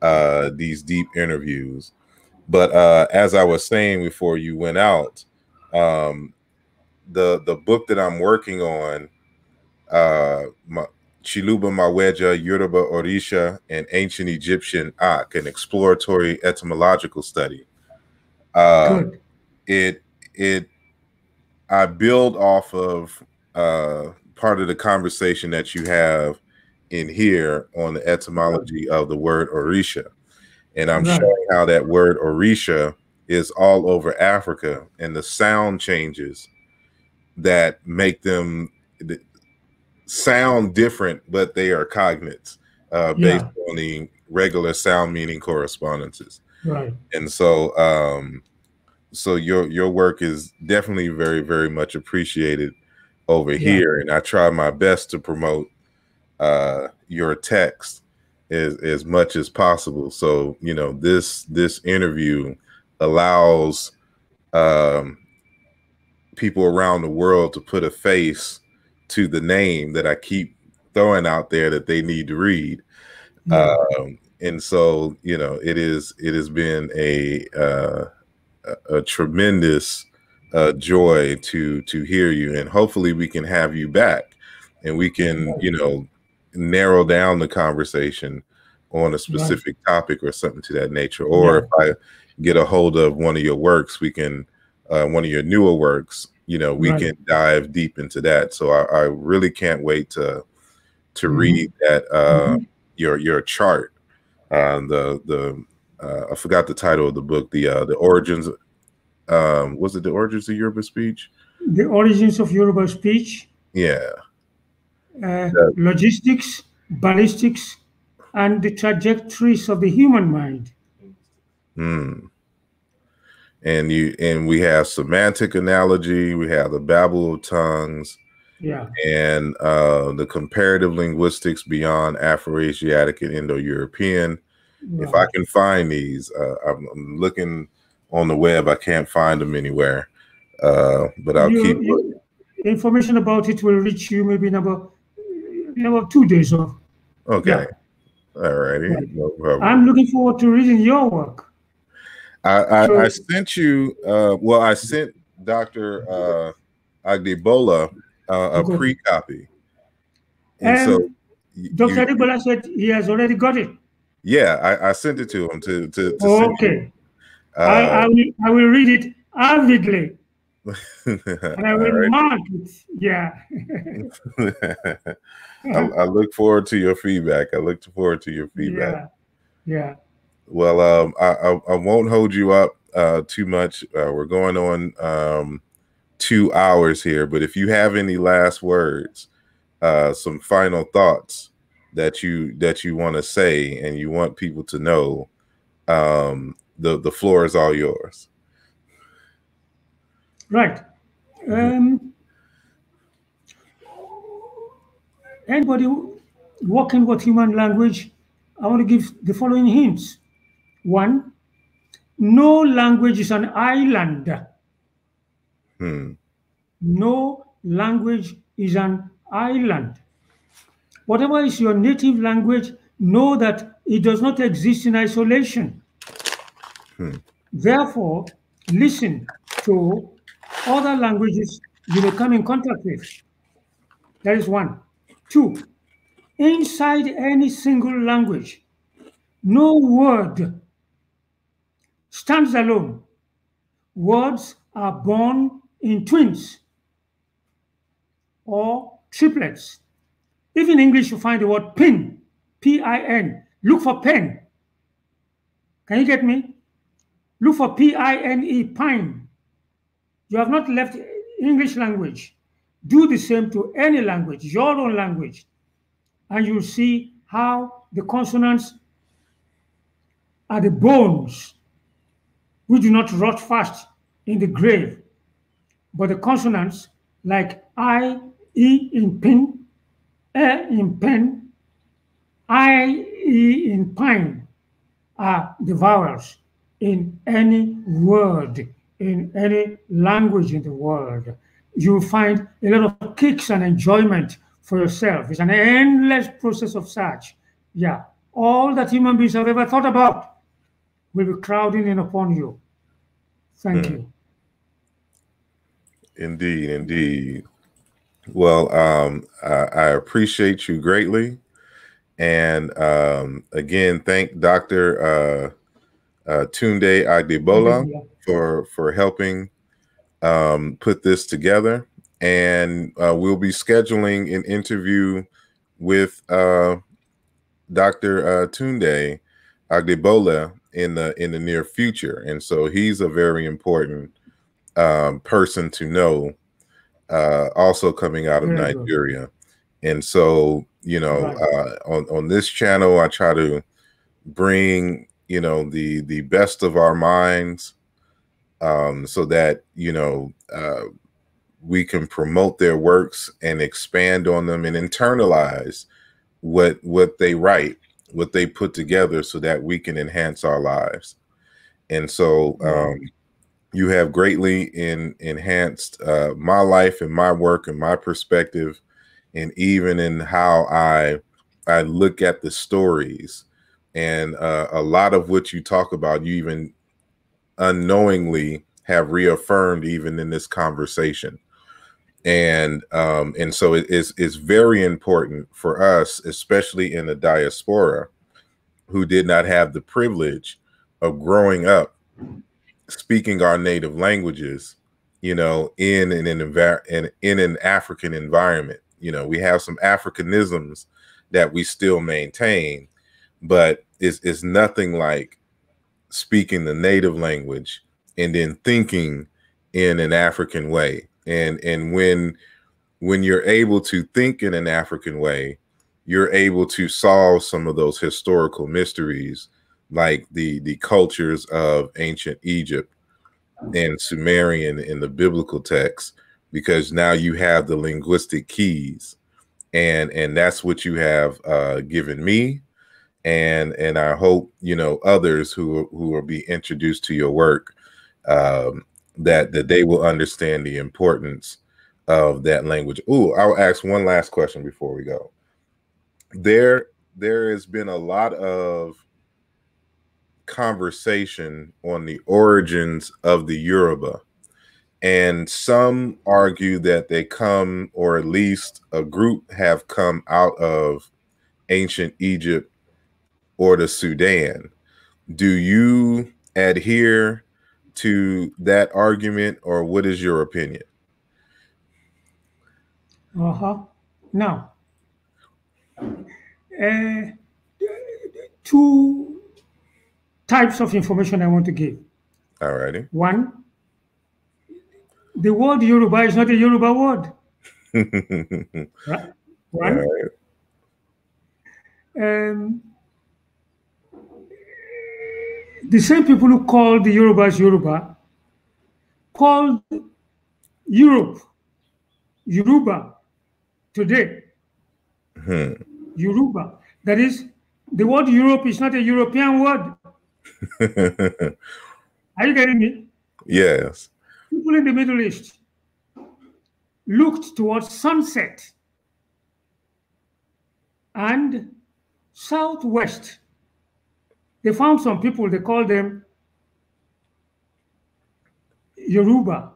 uh, these deep interviews. But uh, as I was saying before you went out, um, the the book that I'm working on uh, my, Chiluba Maweja, Yoruba Orisha, and Ancient Egyptian Ak, an exploratory etymological study. Uh, it it I build off of uh, part of the conversation that you have in here on the etymology of the word Orisha, and I'm right. showing how that word Orisha is all over Africa and the sound changes that make them sound different, but they are cognates uh, based yeah. on the regular sound meaning correspondences. Right. And so, um, so your your work is definitely very very much appreciated over yeah. here, and I try my best to promote uh, your text as as much as possible. So you know this this interview allows um, people around the world to put a face to the name that I keep throwing out there that they need to read. Mm-hmm. Um, and so, you know, it is it has been a uh, a, tremendous uh, joy to to hear you, and hopefully we can have you back, and we can you know narrow down the conversation on a specific right. topic or something to that nature. Or yeah. if I get a hold of one of your works, we can uh, one of your newer works, you know we right. can dive deep into that so I, I really can't wait to to mm-hmm. read that uh mm-hmm. your your chart um the the uh, i forgot the title of the book the uh the origins um was it the origins of yoruba speech the origins of yoruba speech yeah uh, logistics ballistics and the trajectories of the human mind mm and you and we have semantic analogy we have the babel of tongues yeah and uh, the comparative linguistics beyond afro-asiatic and indo-european if i can find these uh, I'm, I'm, looking on the web i can't find them anywhere uh, but i'll you, keep you, information about it will reach you maybe in about in about two days off. okay yeah. all righty right. no problem i'm looking forward to reading your work I, I, I sent you. Uh, well, I sent Doctor uh, Agdebola uh, a okay. pre-copy, and, so Doctor Agdebola said he has already got it. Yeah, I, I sent it to him to to. to oh, okay, uh, I, I uh, will I will read it avidly. and I will right. mark it. Yeah. I, I, look forward to your feedback. I look forward to your feedback. Yeah. yeah. Well, um, I, I, I, won't hold you up uh, too much. Uh, we're going on um, two hours here, but if you have any last words, uh, some final thoughts that you that you want to say and you want people to know, um, the the floor is all yours. Right. Mm-hmm. Um, anybody working with human language, I want to give the following hints. One, no language is an island. Hmm. No language is an island. Whatever is your native language, know that it does not exist in isolation. Hmm. Therefore, listen to other languages you will come in contact with. That is one. Two, inside any single language, no word stands alone. Words are born in twins or triplets. If in English you find the word pin, P I N, look for pen. Can you get me? Look for P I N E, pine. You have not left English language. Do the same to any language, your own language, and you'll see how the consonants are the bones we do not rot fast in the grave, but the consonants like I, E in pin, E in pen, I, E in pine are the vowels in any word, in any language in the world. You find a lot of kicks and enjoyment for yourself. It's an endless process of search. Yeah, all that human beings have ever thought about will be crowding in upon you. Thank mm. you. Indeed, indeed. Well, um, I, I, appreciate you greatly. And um, again, thank Dr. Uh, uh, Tunde Agdebola for, for helping um, put this together. And uh, we'll be scheduling an interview with uh, Dr. Uh, Tunde Agdebola in the in the near future, and so he's a very important um, person to know. Uh, also coming out of Nigeria, and so you know, uh, on on this channel, I try to bring you know the the best of our minds, um, so that you know uh, we can promote their works and expand on them and internalize what what they write what they put together so that we can enhance our lives. And so um, you have greatly in, enhanced uh, my life and my work and my perspective, and even in how I I look at the stories. And uh, a lot of what you talk about, you even unknowingly have reaffirmed even in this conversation and um, and so it is is very important for us, especially in the diaspora, who did not have the privilege of growing up speaking our native languages, you know, in an in, in an African environment. You know, we have some Africanisms that we still maintain, but it's it's nothing like speaking the native language and then thinking in an African way and and when when you're able to think in an african way you're able to solve some of those historical mysteries like the the cultures of ancient egypt and sumerian in the biblical text because now you have the linguistic keys and and that's what you have uh, given me and and i hope you know others who who will be introduced to your work um, that that they will understand the importance of that language. Ooh, I'll ask one last question before we go. There there has been a lot of conversation on the origins of the Yoruba. And some argue that they come, or at least a group have come out of ancient Egypt or the Sudan. Do you adhere to that argument, or what is your opinion? Uh huh. Now, uh, two types of information I want to give. All righty. One, the word Yoruba is not a Yoruba word. right? One. All right. Um, the same people who called the Yorubas Yoruba called Europe Yoruba today. Hmm. Yoruba. That is, the word Europe is not a European word. Are you getting me? Yes. People in the Middle East looked towards sunset and southwest they found some people, they called them Yoruba.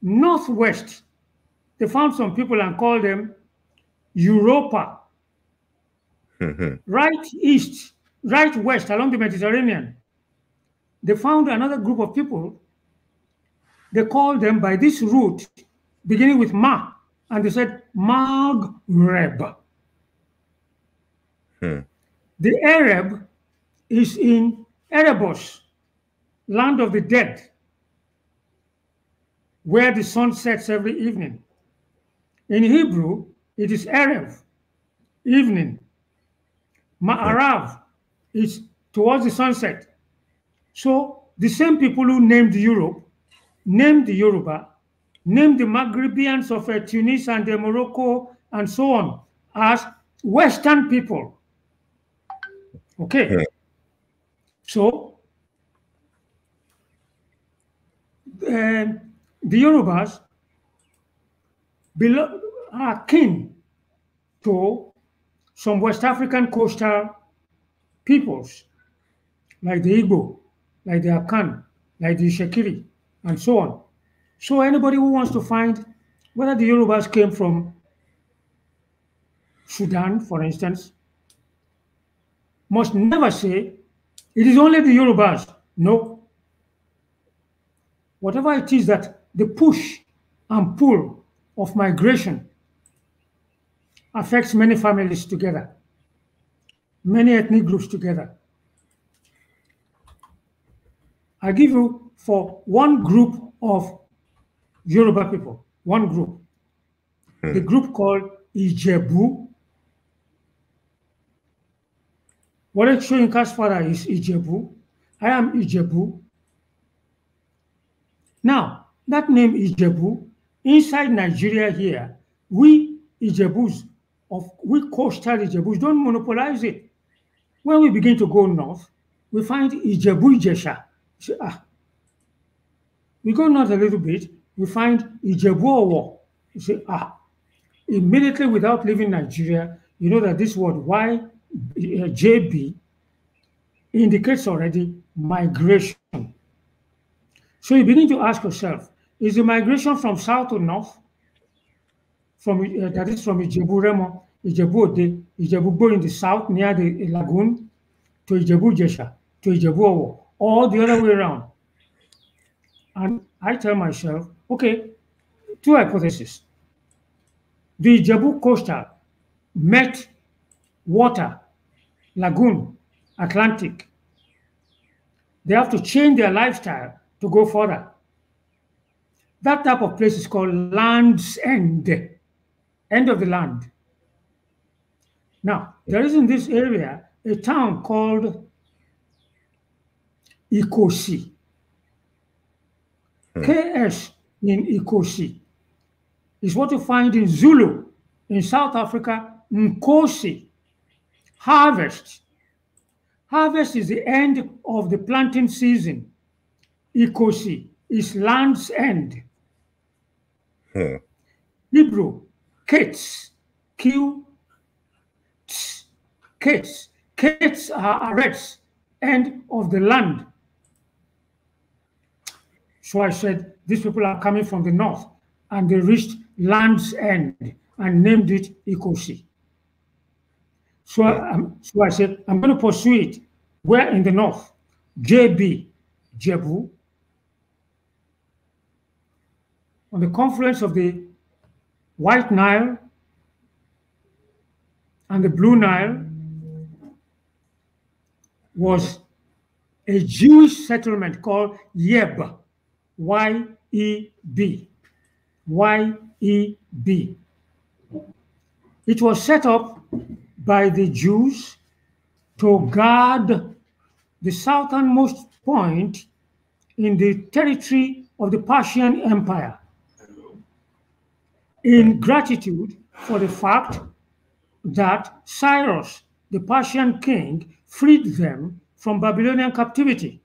Northwest, they found some people and called them Europa. right east, right west along the Mediterranean, they found another group of people. They called them by this root, beginning with Ma, and they said Magreb. Hmm. The Arab is in Erebus, land of the dead, where the sun sets every evening. In Hebrew, it is Erev, evening. Ma'arav is towards the sunset. So the same people who named Europe, named the Yoruba, named the Maghrebians of uh, Tunis and uh, Morocco and so on as Western people. Okay. Yeah. So um, the Yorubas below, are kin to some West African coastal peoples, like the Igbo, like the Akan, like the Shekiri, and so on. So anybody who wants to find whether the Yorubas came from Sudan, for instance, must never say, it is only the Yorubas. No. Whatever it is that the push and pull of migration affects many families together, many ethnic groups together. I give you for one group of Yoruba people, one group, hmm. the group called Ijebu showing in father is Ijebu. I am Ijebu. Now, that name Ijebu, inside Nigeria here, we Ijebus, of, we coastal Ijebus, don't monopolize it. When we begin to go north, we find Ijebu Ijesha. Say, ah. We go north a little bit, we find Ijebu Owo. You say, ah. Immediately without leaving Nigeria, you know that this word, why uh, JB indicates already migration. So you begin to ask yourself, is the migration from south to north, from uh, that is from Ijebu Remo, Ijebu Ode, Ijebu Bo in the south near the lagoon, to Ijebu Jesha, to Ijebu Owo, or the other way around? And I tell myself, okay, two hypotheses. The Ijebu coastal met water Lagoon, Atlantic. They have to change their lifestyle to go further. That type of place is called land's end, end of the land. Now, there is in this area a town called Ikosi. Hmm. KS in Ikosi is what you find in Zulu, in South Africa, Nkosi Harvest. Harvest is the end of the planting season. Ikosi is land's end. Hmm. Hebrew, kids, Q, t's, kids. Kids are arrests, end of the land. So I said, these people are coming from the north, and they reached land's end and named it Ikosi. So, um, so I said, I'm going to pursue it. Where in the north? JB, Jebu. On the confluence of the White Nile and the Blue Nile was a Jewish settlement called Yeb, Y-E-B, Y-E-B. It was set up by the Jews to guard the southernmost point in the territory of the Persian Empire. In gratitude for the fact that Cyrus, the Persian king, freed them from Babylonian captivity.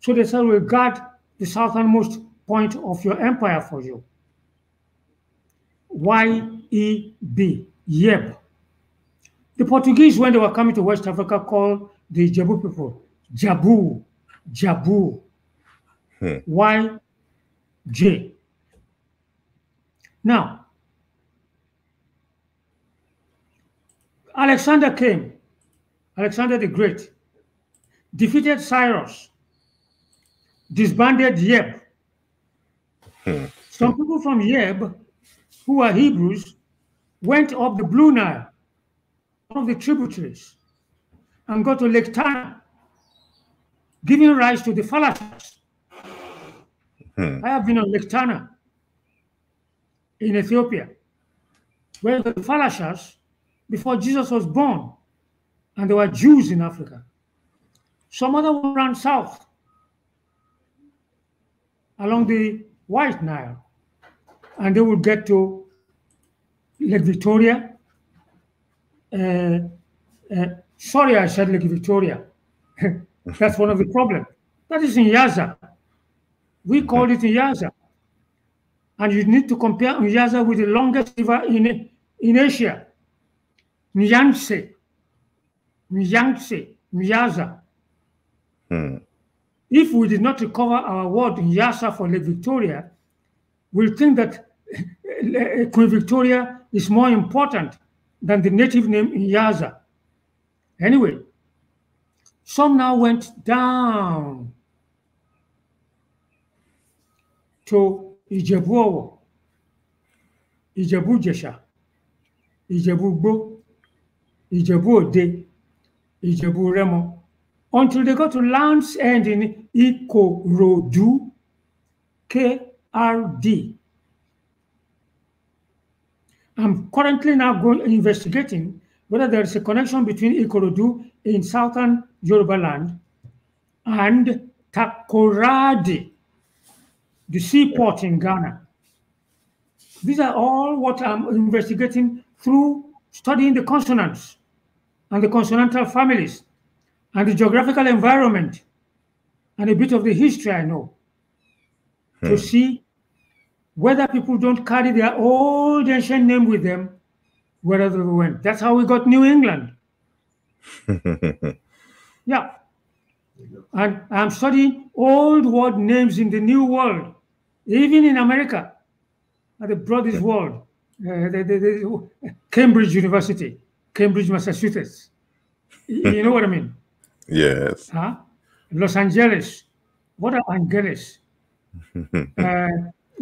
So they said, We'll guard the southernmost point of your empire for you. Y E B, Yeb. The Portuguese, when they were coming to West Africa, called the Jabu people Jabu, Jabu, hmm. Y, J. Now, Alexander came, Alexander the Great, defeated Cyrus, disbanded Yeb. Hmm. Some people from Yeb, who are Hebrews, went up the Blue Nile of the tributaries and go to Lake Tana, giving rise to the fallacies. Hmm. I have been on Lake Tana in Ethiopia, where the falashas, before Jesus was born, and there were Jews in Africa. Some other ran south along the White Nile, and they would get to Lake Victoria, uh, uh, sorry, I said Lake Victoria. That's one of the problems. That is in Yaza. We call it Yaza. And you need to compare Yaza with the longest river in, in Asia, Yangtze. Yangtze, Nyaza. Hmm. If we did not recover our word Nyasa for Lake Victoria, we'll think that Queen Victoria is more important than the native name Yaza. Anyway, some now went down to Ijebuowo, Ijebu-Jesha, Ijebu-Gbo, Ijebu-Ode, Ijebu-Remo, until they got to Land's End in Ikorodu, KRD, I'm currently now going investigating whether there is a connection between Ikorodu in southern Yoruba land and Takoradi, the seaport in Ghana. These are all what I'm investigating through studying the consonants and the consonantal families and the geographical environment and a bit of the history I know hmm. to see whether people don't carry their old ancient name with them wherever they went. That's how we got New England. yeah. And I'm studying old world names in the new world, even in America, at the broadest world, uh, the, the, the Cambridge University, Cambridge, Massachusetts. you know what I mean? Yes. Huh? Los Angeles. What are Angeles? uh,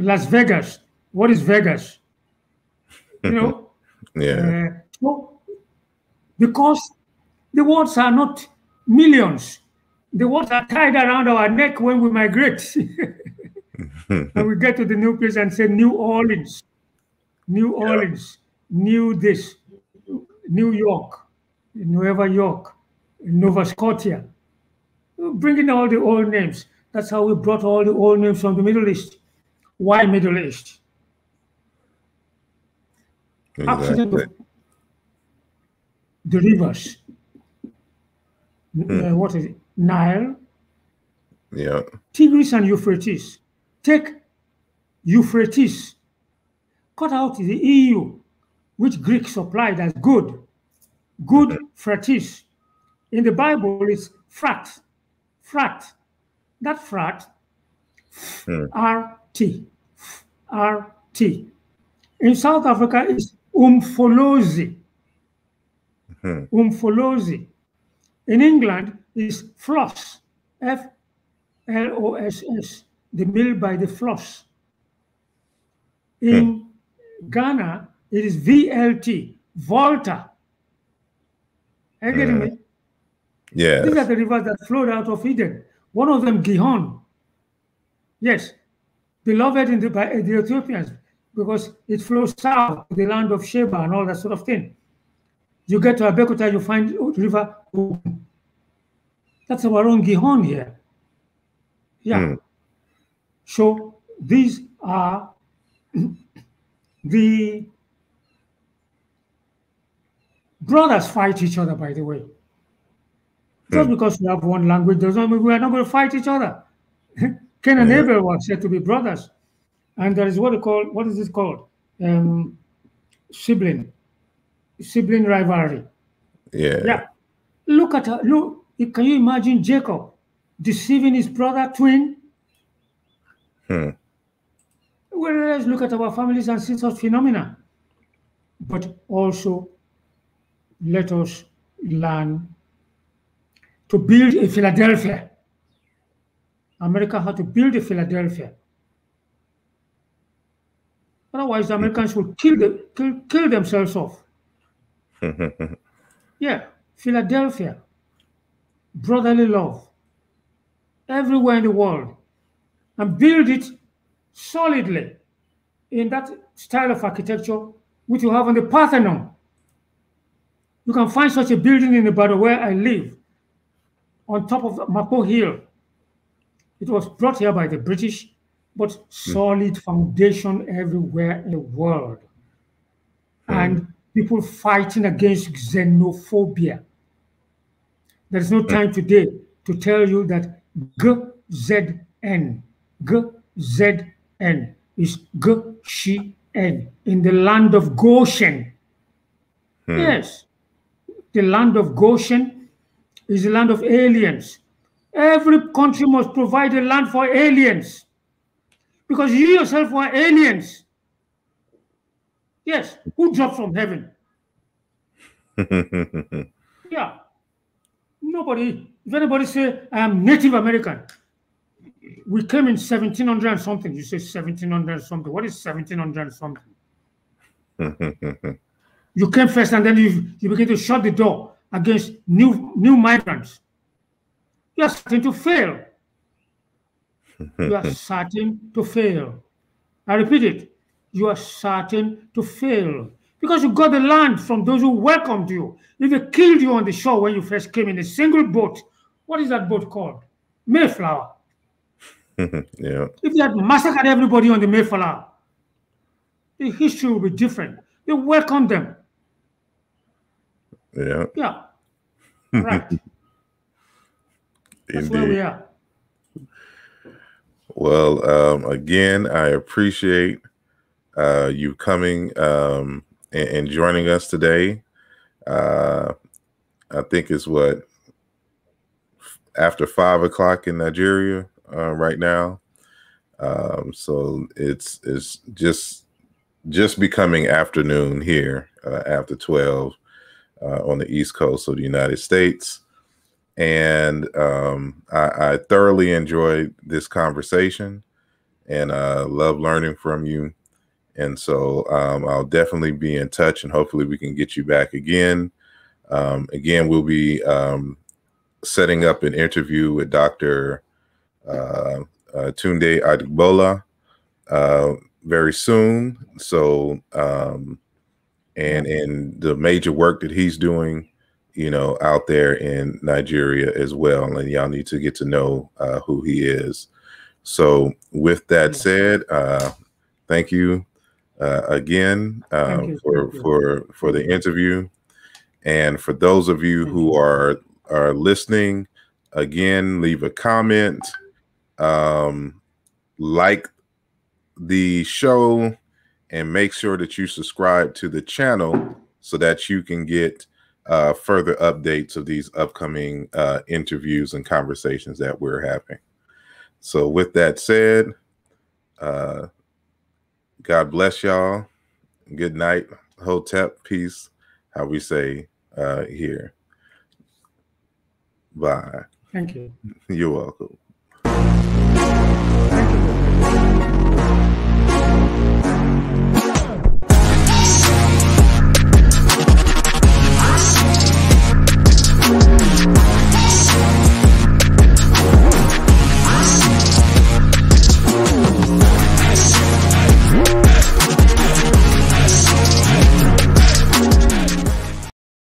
Las Vegas. What is Vegas? You know? yeah. Uh, so, because the words are not millions. The words are tied around our neck when we migrate. and we get to the new place and say New Orleans, New Orleans, yeah. New this, New York, Nueva York, Nova Scotia. Bringing all the old names. That's how we brought all the old names from the Middle East. Why Middle East? Exactly. the rivers. Hmm. Uh, what is it? Nile. Yeah. Tigris and Euphrates. Take Euphrates. Cut out the EU, which Greeks supplied as good. Good hmm. fratis. In the Bible, it's frat. Frat. That frat hmm. are T R T In South Africa, it's umfolozi. Hmm. Umfolozi. In England, it's floss. F L O S S. The mill by the floss. In hmm. Ghana, it is VLT. Volta. Are you me? Yeah. These are the rivers that flowed out of Eden. One of them, Gihon. Yes, beloved in the, by the Ethiopians because it flows south to the land of Sheba and all that sort of thing. You get to Abekuta, you find river. That's our own Gihon here. Yeah. Mm. So these are the brothers fight each other, by the way. Just hmm. because we have one language doesn't mean we are not going to fight each other. Cain and yeah. Abel were said to be brothers, and there is what you call what is this called? Um, sibling, sibling rivalry. Yeah. Yeah. Look at Look, can you imagine Jacob deceiving his brother twin? Hmm. let's look at our families and such phenomena, but also let us learn to build a Philadelphia America how to build Philadelphia. Otherwise, the Americans would kill, the, kill, kill themselves off. yeah, Philadelphia, brotherly love, everywhere in the world, and build it solidly in that style of architecture which you have in the Parthenon. You can find such a building in the Bada where I live, on top of Mapo Hill. It was brought here by the British, but hmm. solid foundation everywhere in the world. Hmm. And people fighting against xenophobia. There is no hmm. time today to tell you that GZN, GZN is g in the land of Goshen. Hmm. Yes, the land of Goshen is the land of aliens Every country must provide a land for aliens. Because you yourself were aliens. Yes, who dropped from heaven? yeah. Nobody, if anybody say, I am Native American, we came in 1700 and something. You say 1700 and something. What is 1700 and something? you came first and then you, you begin to shut the door against new, new migrants you are certain to fail. you are certain to fail. I repeat it. You are certain to fail because you got the land from those who welcomed you. If they killed you on the shore when you first came in a single boat, what is that boat called? Mayflower. yeah. If they had massacred everybody on the Mayflower, the history will be different. They welcomed them. Yeah. Yeah. Right. That's Indeed. where we are. Well, um, again, I appreciate uh, you coming um, and, and, joining us today. Uh, I think it's what after five o'clock in Nigeria uh, right now. Um, so it's it's just just becoming afternoon here uh, after twelve uh, on the East Coast of the United States. And um, I, I, thoroughly enjoyed this conversation and uh, love learning from you. And so um, I'll definitely be in touch and hopefully we can get you back again. Um, again, we'll be um, setting up an interview with Dr. Uh, uh, Tunde Adbola uh, very soon. So, um, and in the major work that he's doing you know, out there in Nigeria as well. And y'all need to get to know uh, who he is. So, with that said, uh, thank you uh, again uh, you, for for for the interview, and for those of you thank who you. are are listening, again, leave a comment, um, like the show, and make sure that you subscribe to the channel so that you can get uh, further updates of these upcoming uh, interviews and conversations that we're having. So, with that said, uh, God bless y'all. Good night. Hotep, peace. How we say uh, here. Bye. Thank you. You're welcome.